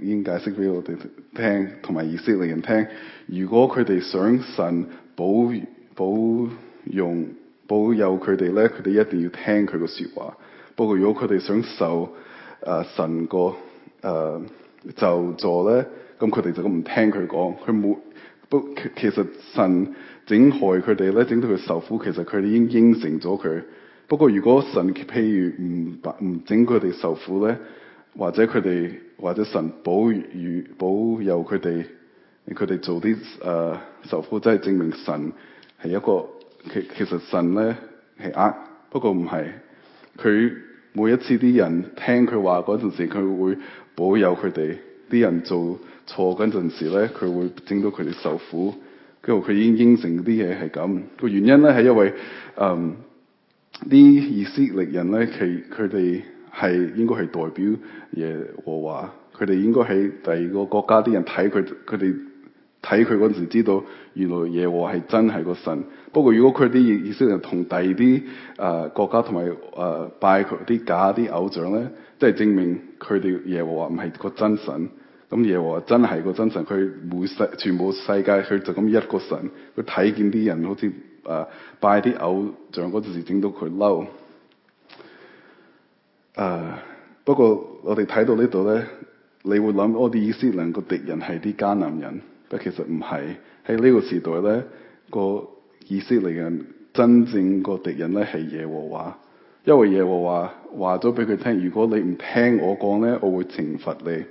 已經解釋俾我哋聽，同埋以色列人聽。如果佢哋想神保保用，保佑佢哋咧，佢哋一定要聽佢個說話。不過如果佢哋想受誒、呃、神個誒救助咧，咁佢哋就咁唔聽佢講。佢冇不其實神整害佢哋咧，整到佢受苦，其實佢哋已經應承咗佢。不過如果神譬如唔唔整佢哋受苦咧，或者佢哋或者神保如保佑佢哋，佢哋做啲誒受苦，真係證明神係一個。其其實神咧係呃不過唔係，佢每一次啲人聽佢話嗰陣時，佢會保佑佢哋；啲人做錯嗰陣時咧，佢會整到佢哋受苦。跟住佢已經應承啲嘢係咁個原因咧，係因為嗯啲以色列人咧，佢佢哋係應該係代表耶和華，佢哋應該喺第二個國家啲人睇佢佢哋。睇佢陣時，知道原來耶和華係真係個神。不過如果佢啲以色列人同第二啲誒國家同埋誒拜佢啲假啲偶像咧，即係證明佢哋耶和華唔係個真神。咁耶和華真係個真神，佢每世全部世界佢就咁一個神。佢睇見啲人好似誒、呃、拜啲偶像陣時，整到佢嬲。誒、呃，不過我哋睇到呢度咧，你會諗我哋以色列人個敵人係啲迦南人。但其實唔係，喺呢個時代咧，個以色列人真正個敵人咧係耶和華，因為耶和華話咗俾佢聽，如果你唔聽我講咧，我會懲罰你。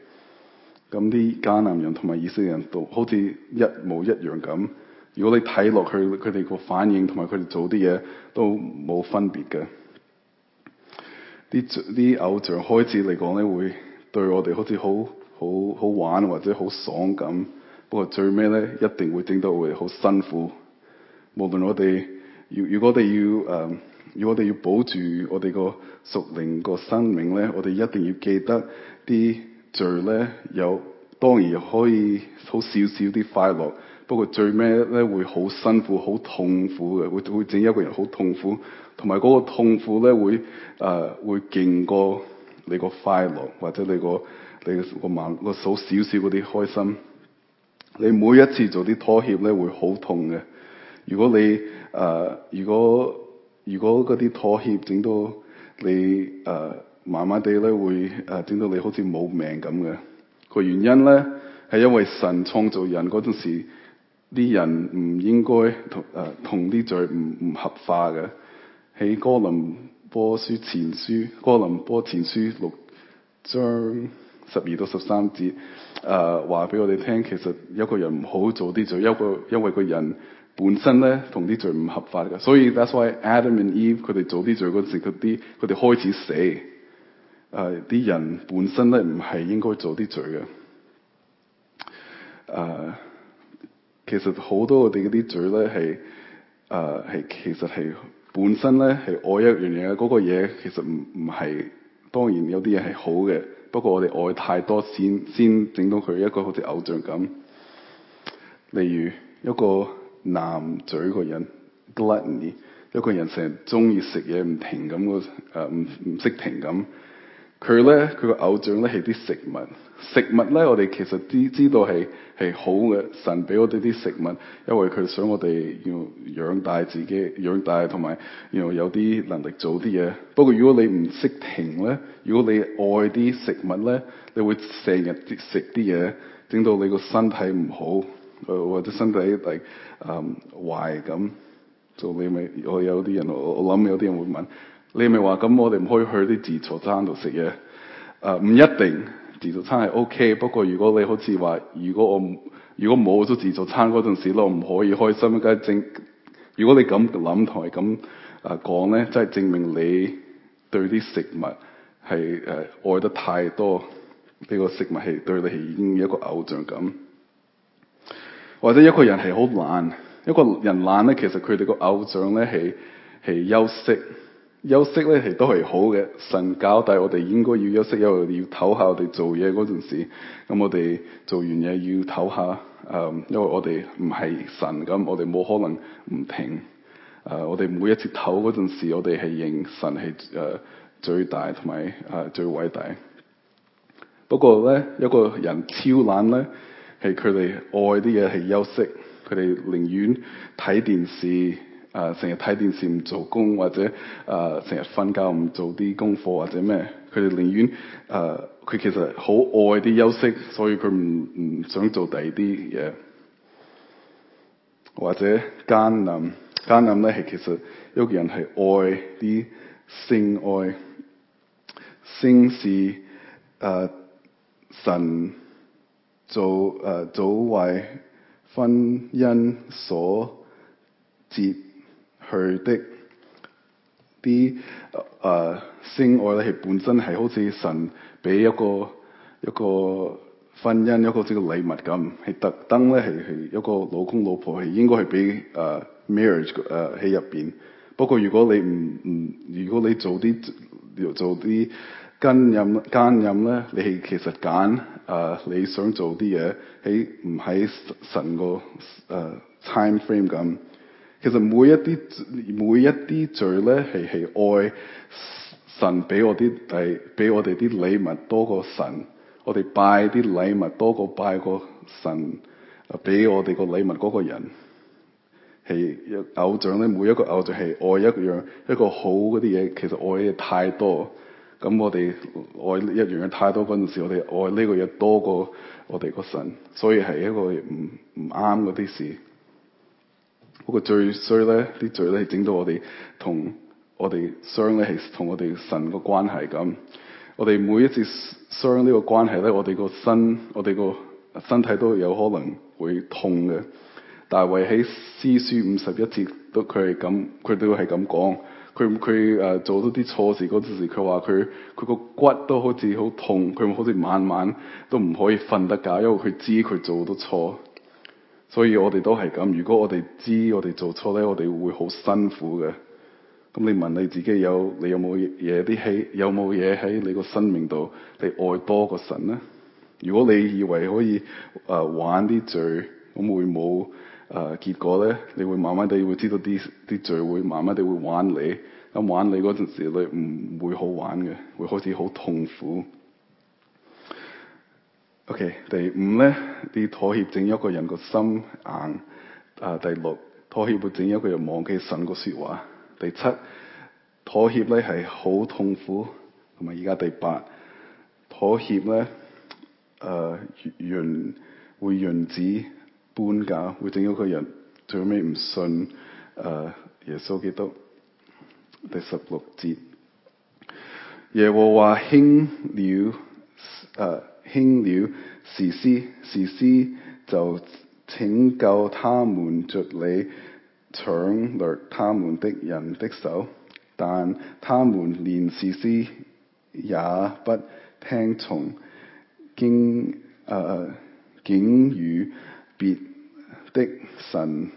咁啲迦南人同埋以色列人都好似一模一樣咁。如果你睇落去，佢哋個反應同埋佢哋做啲嘢都冇分別嘅。啲啲偶像開始嚟講咧，會對我哋好似好好好玩或者好爽咁。不過最尾咧，一定會整到我哋好辛苦。無論我哋，如如果我哋要，誒，如果我哋要、呃、要保住我哋個屬靈個生命咧，我哋一定要記得啲罪咧，有當然可以好少少啲快樂。不過最尾咧，會好辛苦、好痛苦嘅，會會整一個人好痛苦。同埋個痛苦咧，會誒、呃、會勁過你個快樂，或者你個你個慢個少少少啲開心。你每一次做啲妥協咧，會好痛嘅。如果你誒、呃，如果如果嗰啲妥協整到你誒、呃，慢慢地咧會誒，整、呃、到你好似冇命咁嘅。個原因咧係因為神創造人嗰陣時，啲人唔應該同誒同啲罪唔唔合法嘅。喺哥林波書前書，哥林波前書六章。十二到十三節，誒話俾我哋聽，其實有個人唔好做啲罪，因個因為個人本身咧同啲罪唔合法嘅，所以 that's why Adam and Eve 佢哋做啲罪嗰陣時啲佢哋開始死。誒、uh, 啲人本身咧唔係應該做啲罪嘅。誒、uh, 其實好多我哋啲罪咧係誒係其實係本身咧係愛一樣嘢，嗰、那個嘢其實唔唔係，當然有啲嘢係好嘅。不過我哋愛太多先先整到佢一個好似偶像咁，例如一個男嘴個人，Gluttony，一個人成日中意食嘢唔停咁誒唔唔識停咁。佢咧，佢個偶像咧係啲食物。食物咧，我哋其實知知道係係好嘅。神俾我哋啲食物，因為佢想我哋要養大自己，養大同埋要有啲 you know, 能力做啲嘢。不過如果你唔識停咧，如果你愛啲食物咧，你會成日食啲嘢，整到你個身體唔好，或者身體嚟啊壞咁。做你咪我有啲人，我諗有啲人會問。你咪話咁，我哋唔可以去啲自助餐度食嘢。啊，唔一定自助餐係 OK，不過如果你好似話，如果我如果冇咗自助餐嗰陣時，我唔可以開心，梗係如果你咁諗同係咁啊講咧，真係證明你對啲食物係誒愛得太多。呢個食物係對你係已經一個偶像咁。或者一個人係好懶，一個人懶咧，其實佢哋個偶像咧係係休息。休息咧亦都係好嘅，神教，但係我哋應該要休息，因為要唞下我哋做嘢嗰陣時，咁我哋做完嘢要唞下，誒，因為我哋唔係神咁，我哋冇可能唔停，誒、呃，我哋每一次唞嗰陣時，我哋係認神係誒最大同埋誒最偉大。不過咧，一個人超懶咧，係佢哋愛啲嘢係休息，佢哋寧願睇電視。啊！成、呃、日睇電視唔做工，或者啊，成、呃、日瞓覺唔做啲功課或者咩？佢哋寧願啊，佢、呃、其實好愛啲休息，所以佢唔唔想做第二啲嘢。Yeah. 或者艱難，艱難咧，係其實一個人係愛啲性愛，性事啊、呃，神做啊，早、呃、為婚姻所節。佢的啲誒性愛咧，係本身係好似神俾一個一個婚姻一個即係禮物咁，係特登咧係係一個老公老婆係應該係俾誒 marriage 誒喺入邊。不過如果你唔唔，如果你做啲做啲奸淫奸淫咧，你係其實揀誒、呃、你想做啲嘢喺唔喺神個誒、呃、time frame 咁。其實每一啲每一啲罪咧，係係愛神俾我啲禮，俾我哋啲禮物多過神，我哋拜啲禮物多過拜個神，俾我哋個禮物嗰個人，係偶像咧。每一個偶像係愛一樣一個好嗰啲嘢，其實愛嘅太多，咁我哋愛一樣嘢太多嗰陣時，我哋愛呢個嘢多過我哋個神，所以係一個唔唔啱嗰啲事。不過最衰咧，啲罪咧係整到我哋同我哋傷咧係同我哋神個關係咁。我哋每一次傷呢個關係咧，我哋個身、我哋個身體都有可能會痛嘅。但係為喺詩書五十一節，都佢係咁，佢都係咁講。佢佢誒做咗啲錯事嗰陣時，佢話佢佢個骨都好似好痛，佢好似晚晚都唔可以瞓得覺，因為佢知佢做咗錯。所以我哋都係咁。如果我哋知我哋做錯咧，我哋會好辛苦嘅。咁你問你自己有你有冇嘢啲喺有冇嘢喺你個生命度？你愛多過神咧？如果你以為可以誒、呃、玩啲罪，咁會冇誒、呃、結果咧？你會慢慢哋會知道啲啲罪會慢慢哋會玩你。咁玩你嗰陣時，你唔會好玩嘅，會開始好痛苦。OK，第五咧，啲妥協整一個人個心硬。啊，第六，妥協會整一個人忘記神個說話。第七，妥協咧係好痛苦，同埋而家第八，妥協咧誒，潤、呃、會潤子搬家，會整一個人最尾唔信誒、呃、耶穌基督。第十六節，耶和華興了誒。輕了士師，士師就拯救他們著你搶掠他們的人的手，但他們連士師也不聽從，竟誒，竟與別的神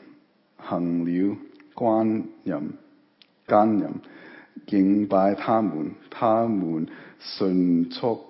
行了關人奸人，敬拜他們，他們迅速。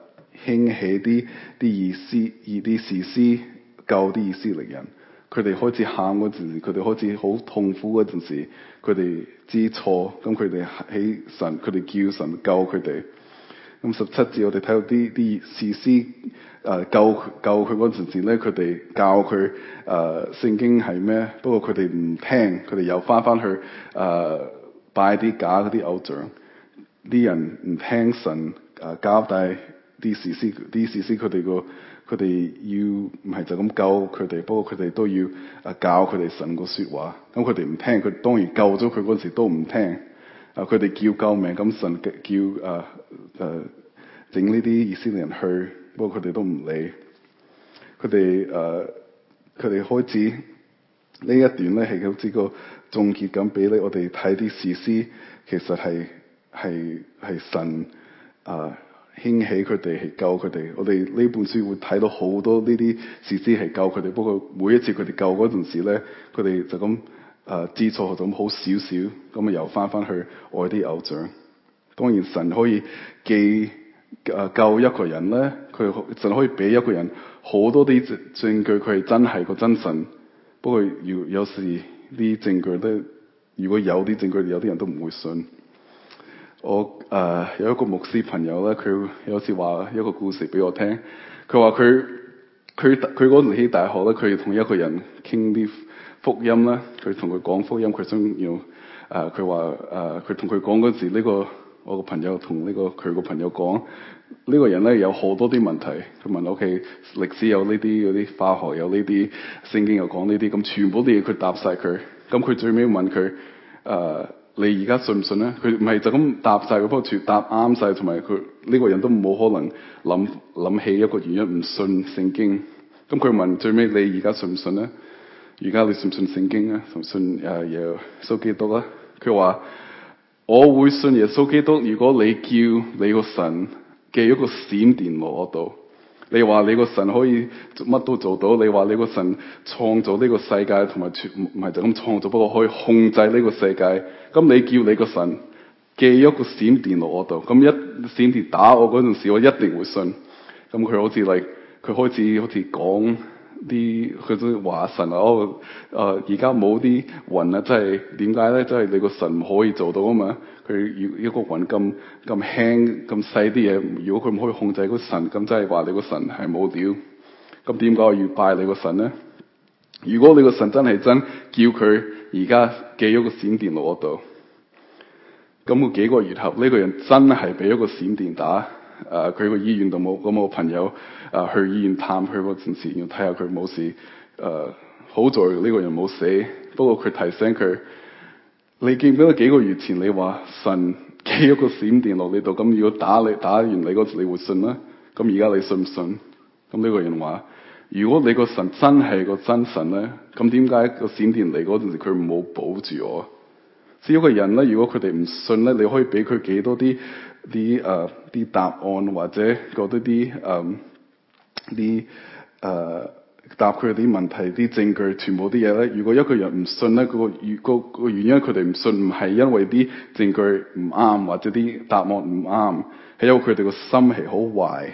興起啲啲士師以啲士師救啲以色列人，佢哋開始喊嗰陣時，佢哋開始好痛苦嗰陣時，佢哋知錯，咁佢哋起神，佢哋叫神救佢哋。咁十七節我哋睇到啲啲士師，誒、啊、救救佢嗰陣時咧，佢哋教佢誒聖經係咩？不過佢哋唔聽，佢哋又返返去誒、啊、拜啲假啲偶像。啲人唔聽神誒、啊、交代，但啲士師，啲士師佢哋個佢哋要唔係就咁救佢哋，不過佢哋都要啊教佢哋神個說話。咁佢哋唔聽，佢當然救咗佢嗰時都唔聽。啊，佢哋叫救命，咁神叫啊啊，整呢啲以色列人去，不過佢哋都唔理。佢哋誒，佢哋啊開始呢一段咧係好似個總結咁，俾你我哋睇啲士師，其實係係係神啊。興起佢哋係救佢哋，我哋呢本書會睇到好多呢啲事事係救佢哋。不過每一次佢哋救嗰陣時咧，佢哋就咁誒、呃、知錯就咁好少少，咁啊又返返去愛啲偶像。當然神可以寄誒、呃、救一個人咧，佢神可以俾一個人好多啲證據，佢係真係個真神。不過要有時啲證據咧，如果有啲證據，有啲人都唔會信。我誒、呃、有一個牧師朋友咧，佢有次話一個故事俾我聽。佢話佢佢佢嗰陣喺大學咧，佢同一個人傾啲福音啦。佢同佢講福音，佢想要誒。佢話誒，佢同佢講嗰時呢、這個我個朋友同呢、這個佢個朋友講呢、這個人咧有好多啲問題。佢問我，O K，歷史有呢啲，嗰啲化學有呢啲，聖經又講呢啲，咁全部啲嘢佢答晒佢。咁佢最尾問佢誒。呃你信信而家信唔信咧？佢唔係就咁答晒嗰樖樹，答啱晒，同埋佢呢個人都冇可能諗諗起一個原因，唔信聖經，咁佢問，最尾你而家信唔信咧？而家你信唔信聖經？信信啊？信唔信誒耶穌基督啊？佢話，我會信耶穌基督，如果你叫你個神寄一個閃電落我度。你話你個神可以乜都做到，你話你個神創造呢個世界同埋，全唔係就咁創造，不過可以控制呢個世界。咁你叫你個神寄咗個閃電落我度，咁一閃電打我嗰陣時，我一定會信。咁佢好似嚟，佢開始好似講。啲佢都話神啊，哦，誒、呃，而家冇啲雲啊，真係點解咧？真係你個神可以做到啊嘛？佢要一個雲咁咁輕咁細啲嘢，如果佢唔可以控制個神，咁真係話你個神係冇料。咁點解我要拜你個神咧？如果你個神真係真，叫佢而家寄咗個閃電落度，咁佢幾個月後呢，這個人真係俾一個閃電打。誒，佢個、呃、醫院度冇，咁我朋友誒、呃、去醫院探佢嗰陣時，要睇下佢冇事。誒、呃，好在呢、這個人冇死，不過佢提醒佢：你記唔記得幾個月前你話神寄咗個閃電落你度，咁如果打你打完你嗰時你會信啦？咁而家你信唔信？咁呢個人話：如果你個神真係個真神咧，咁點解個閃電嚟嗰陣時佢冇保住我？至於個人咧，如果佢哋唔信咧，你可以俾佢幾多啲。啲誒啲答案或者覺得啲誒啲誒答佢啲問題啲證據全部啲嘢咧，如果一個人唔信咧、嗰個，個原原因佢哋唔信，唔係因為啲證據唔啱或者啲答案唔啱，係因為佢哋個心係好壞。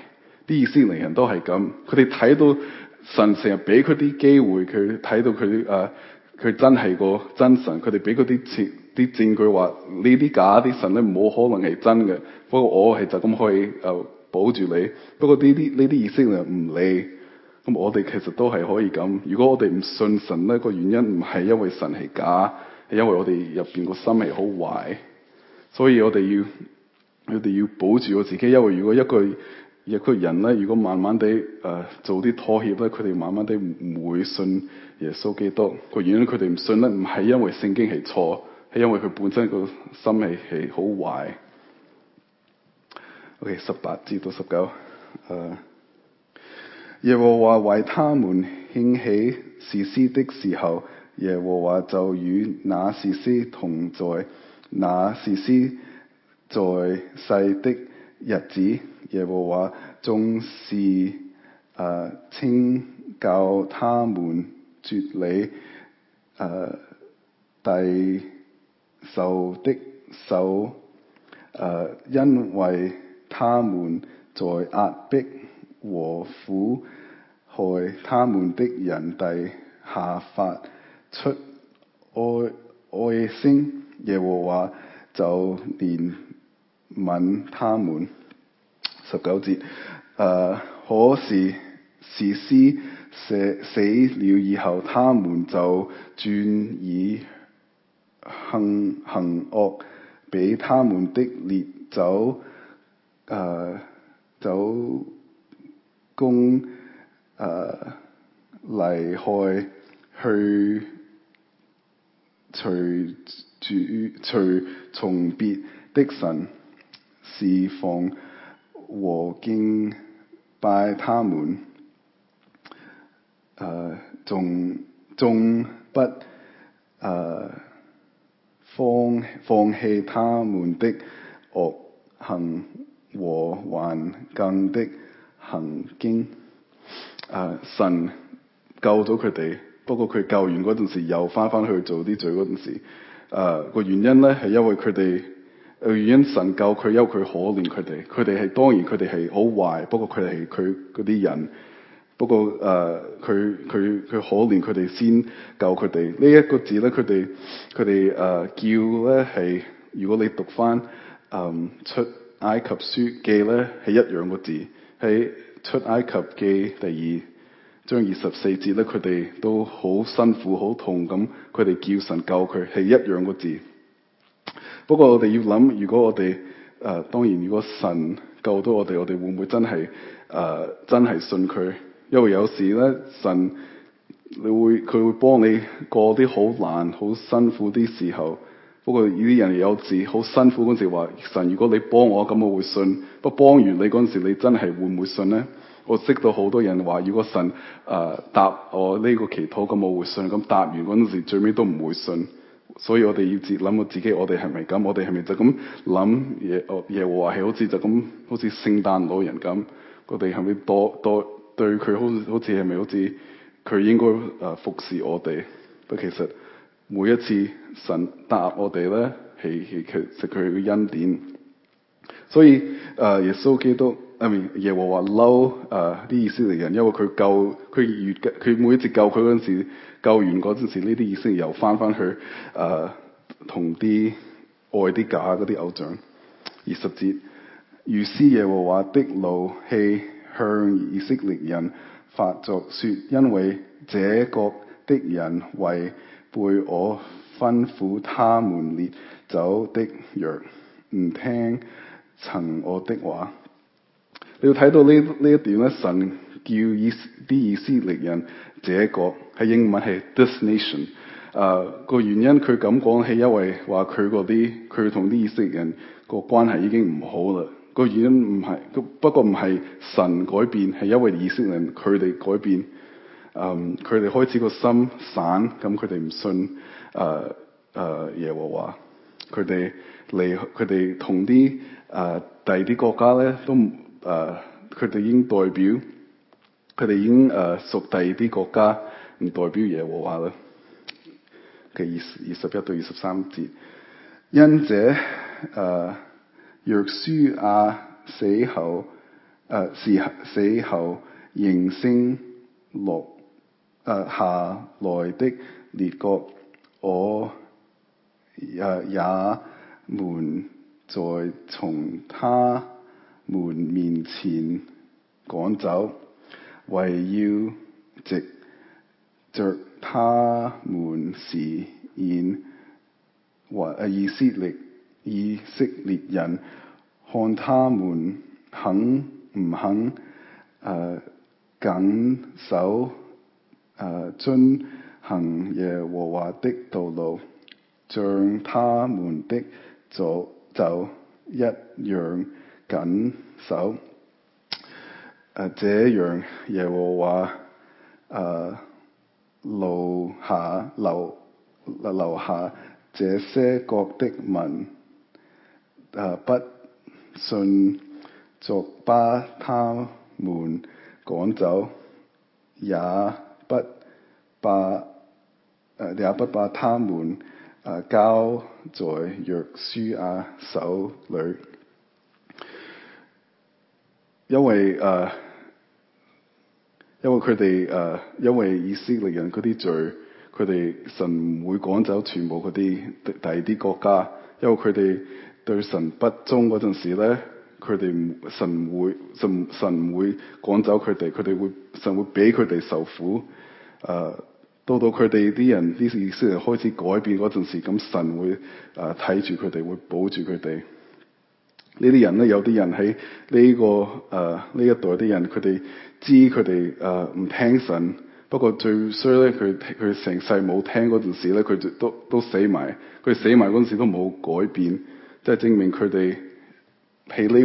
啲意思嚟人都係咁，佢哋睇到神成日俾佢啲機會，佢睇到佢誒佢真係個真神，佢哋俾嗰啲切。啲證據話呢啲假啲神咧，冇可能係真嘅。不過我係就咁可以，呃、保住你。不過呢啲呢啲意識就唔理。咁我哋其實都係可以咁。如果我哋唔信神咧，個原因唔係因為神係假，係因為我哋入邊個心係好壞。所以我哋要我哋要保住我自己。因為如果一個一個人咧，如果慢慢地誒，呃、做啲妥協咧，佢哋慢慢地唔會信耶穌基督。個原因佢哋唔信咧，唔係因為聖經係錯。係因為佢本身個心氣係好壞。O.K. 十八至到十九，誒、uh, 耶和華為他們興起士師的時候，耶和華就與那士師同在，那士師在世的日子，耶和華總是誒、uh, 拯救他們脫離誒、uh, 第。受的受，誒、呃，因為他們在壓迫和苦害他們的人底下發出哀哀聲，耶和華就憐憫他們。十九節，誒、呃，可是士師死死了以後，他們就轉以。行行惡，俾他們的烈酒，誒酒工誒嚟害，去隨住隨從別的神，侍奉和敬拜他們，誒仲仲不誒？呃放放棄他們的惡行和環境的行徑，啊、呃、神救咗佢哋，不過佢救完嗰陣時又翻翻去做啲罪嗰陣時，誒、呃、個原因咧係因為佢哋，誒原因神救佢，因為佢可憐佢哋，佢哋係當然佢哋係好壞，不過佢哋係佢嗰啲人。不過誒，佢佢佢可憐佢哋先救佢哋呢一個字咧，佢哋佢哋誒叫咧係，如果你讀翻誒、嗯、出埃及書記咧係一樣個字，喺出埃及記第二章二十四節咧，佢哋都好辛苦好痛咁，佢哋叫神救佢係一樣個字。不過我哋要諗，如果我哋誒、呃，當然如果神救到我哋，我哋會唔會真係誒、呃、真係信佢？因為有時咧，神你會佢會幫你過啲好難、好辛苦啲時候。不過呢啲人有事好辛苦嗰時話，神如果你幫我，咁我會信。不過幫完你嗰陣時，你真係會唔會信咧？我識到好多人話，如果神啊、呃、答我呢個祈禱，咁我會信。咁答完嗰陣時，最尾都唔會信。所以我哋要自諗我自己，我哋係咪咁？我哋係咪就咁諗耶？耶和華係好似就咁，好似聖誕老人咁，我哋係咪多多？多多對佢好好似係咪好似佢應該誒、呃、服侍我哋？但其實每一次神答我哋咧，係其實佢嘅恩典。所以誒、呃，耶穌基督啊，唔係耶和華嬲誒啲以色列人，因為佢救佢越佢每一次救佢嗰陣時，救完嗰陣時呢啲以色列又翻翻去誒同啲愛啲假嗰啲偶像。二十節於是耶和華的怒氣。向以色列人發作說，因為這國的人違背我吩咐他們列走的約，唔聽從我的話。你要睇到呢呢一段咧，神叫以啲以，以色列人，這國喺英文係 this nation、呃。啊，個原因佢咁講係因為話佢嗰啲佢同啲以色列人個關係已經唔好啦。個原因唔係，不過唔係神改變，係因為以色列人佢哋改變，嗯，佢哋開始個心散，咁佢哋唔信誒誒、呃呃、耶和華，佢哋離佢哋同啲誒第二啲國家咧都誒，佢哋、呃、已經代表，佢哋已經誒屬第二啲國家，唔代表耶和華啦。OK，二二十一到二十三節，因者誒。呃若書亞、啊、死後，誒、呃、是死後仍升落誒、呃、下來的列國，我也也們在從他們面前趕走，為要藉著他們試驗或誒以色以色列人看他們肯唔肯誒、呃、謹守誒遵、呃、行耶和華的道路，像他們的祖就一樣謹守。誒、呃，這樣耶和華誒留下留留下這些國的民。啊！不信，作把他們趕走，也不把啊，也不把他們啊交在約書亞手裏，因為啊，因為佢哋啊，因為以色列人嗰啲罪，佢哋神唔會趕走全部嗰啲第二啲國家，因為佢哋。對神不忠嗰陣時咧，佢哋神唔會神會神唔會趕走佢哋，佢哋會神會俾佢哋受苦。誒、呃，到到佢哋啲人啲意思係開始改變嗰陣時，咁神會誒睇住佢哋，會保住佢哋。呢啲人咧，有啲人喺呢、這個誒呢、呃、一代啲人，佢哋知佢哋誒唔聽神，不過最衰咧，佢佢成世冇聽嗰陣時咧，佢都都死埋，佢死埋嗰陣時都冇改變。即係證明佢哋喺呢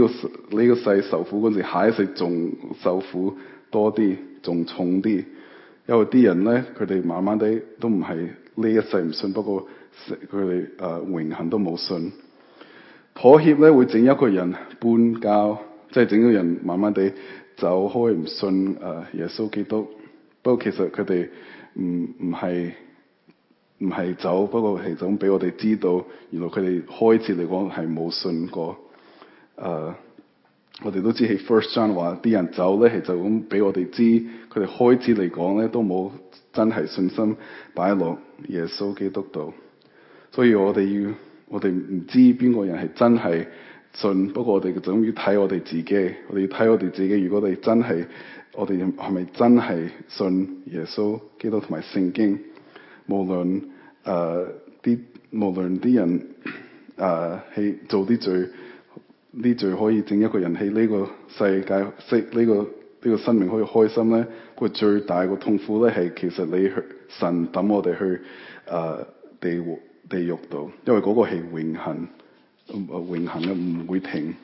個呢個世受、這個、苦嗰陣時，下一世仲受苦多啲，仲重啲。因有啲人咧，佢哋慢慢地都唔係呢一世唔信，不過佢哋誒永恆都冇信。妥協咧會整一個人半教，即係整個人慢慢地走開唔信誒、呃、耶穌基督。不過其實佢哋唔唔係。唔係走，不過係就咁俾我哋知道，原來佢哋開始嚟講係冇信過。誒、uh,，我哋都知喺 First 章話啲人走咧，係就咁俾我哋知，佢哋開始嚟講咧都冇真係信心擺落耶穌基督度。所以我哋要，我哋唔知邊個人係真係信，不過我哋總要睇我哋自己，我哋要睇我哋自己。如果你真係，我哋係咪真係信耶穌基督同埋聖經？無論。誒，啲、uh, 無論啲人誒，係、uh, 做啲罪，啲罪可以整一個人喺呢個世界，識、這、呢個呢、這個生命可以開心咧。佢最大個痛苦咧，係其實你神去神抌我哋去誒地地獄度，因為嗰個係永恆，呃、永恆嘅唔會停。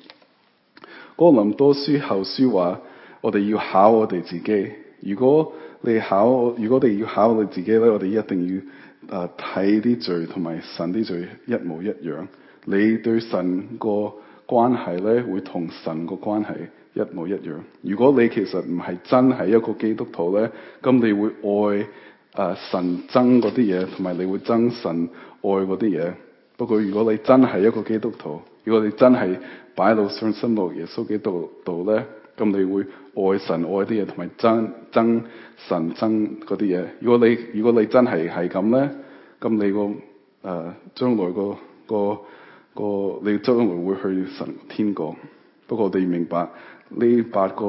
那《哥、個、林多書後書》話：我哋要考我哋自己。如果你考如果我哋要考我自己咧，我哋一定要。誒，睇啲、啊、罪同埋神啲罪一模一樣，你對神個關係咧會同神個關係一模一樣。如果你其實唔係真係一個基督徒咧，咁你會愛誒、呃、神憎嗰啲嘢，同埋你會憎神愛嗰啲嘢。不過如果你真係一個基督徒，如果你真係擺到信信心落耶穌基督度咧。咁你會愛神愛啲嘢，同埋憎憎神憎嗰啲嘢。如果你如果你真係係咁咧，咁你個誒、呃、將來個個個你將來會去神天國。不過我哋明白呢八個、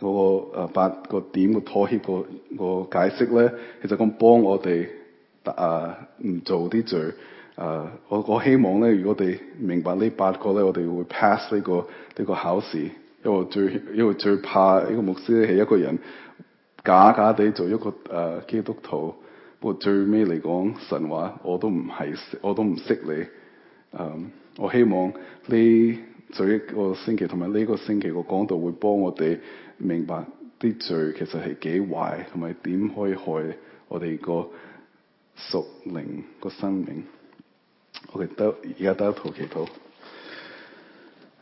嗰個誒、呃、八個點嘅妥協個、嗰個解釋咧，其實咁幫我哋誒唔做啲罪。誒、呃，我我希望咧，如果我哋明白呢八個咧，我哋會 pass 呢、呢個呢、呢個考試。因為最因為最怕呢個牧師咧係一個人假假地做一個誒、呃、基督徒。不過最尾嚟講，神話我都唔係我都唔識你。誒、嗯，我希望呢最一個星期同埋呢個星期個講道會幫我哋明白啲罪其實係幾壞，同埋點可以害我哋個屬靈個生命。我、okay, k 得而家得一套祈禱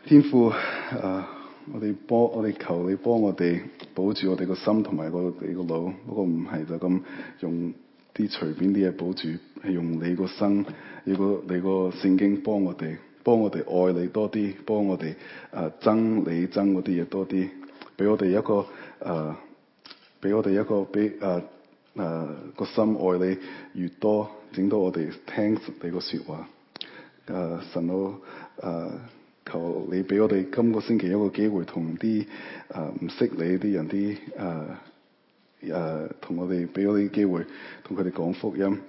天父誒。呃我哋幫我哋求你幫我哋保住我哋個心同埋我哋個腦，不過唔係就咁用啲隨便啲嘢保住，係用你個心，你個你個聖經幫我哋，幫我哋愛你多啲，幫我哋誒、呃、憎你憎嗰啲嘢多啲，俾我哋一個誒，俾、呃、我哋一個俾誒誒個心愛你越多，整到我哋聽你個說話，誒、呃、神佬誒。呃求你俾我哋今個星期一個機會，同啲誒唔識你啲人啲誒誒同我哋俾我啲機會，同佢哋講福音。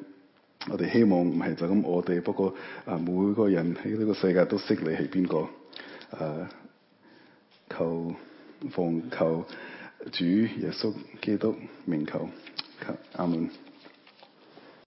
我哋希望唔係就咁，我哋不過啊、呃、每個人喺呢個世界都識你係邊個誒，求奉求主耶穌基督名求，阿門。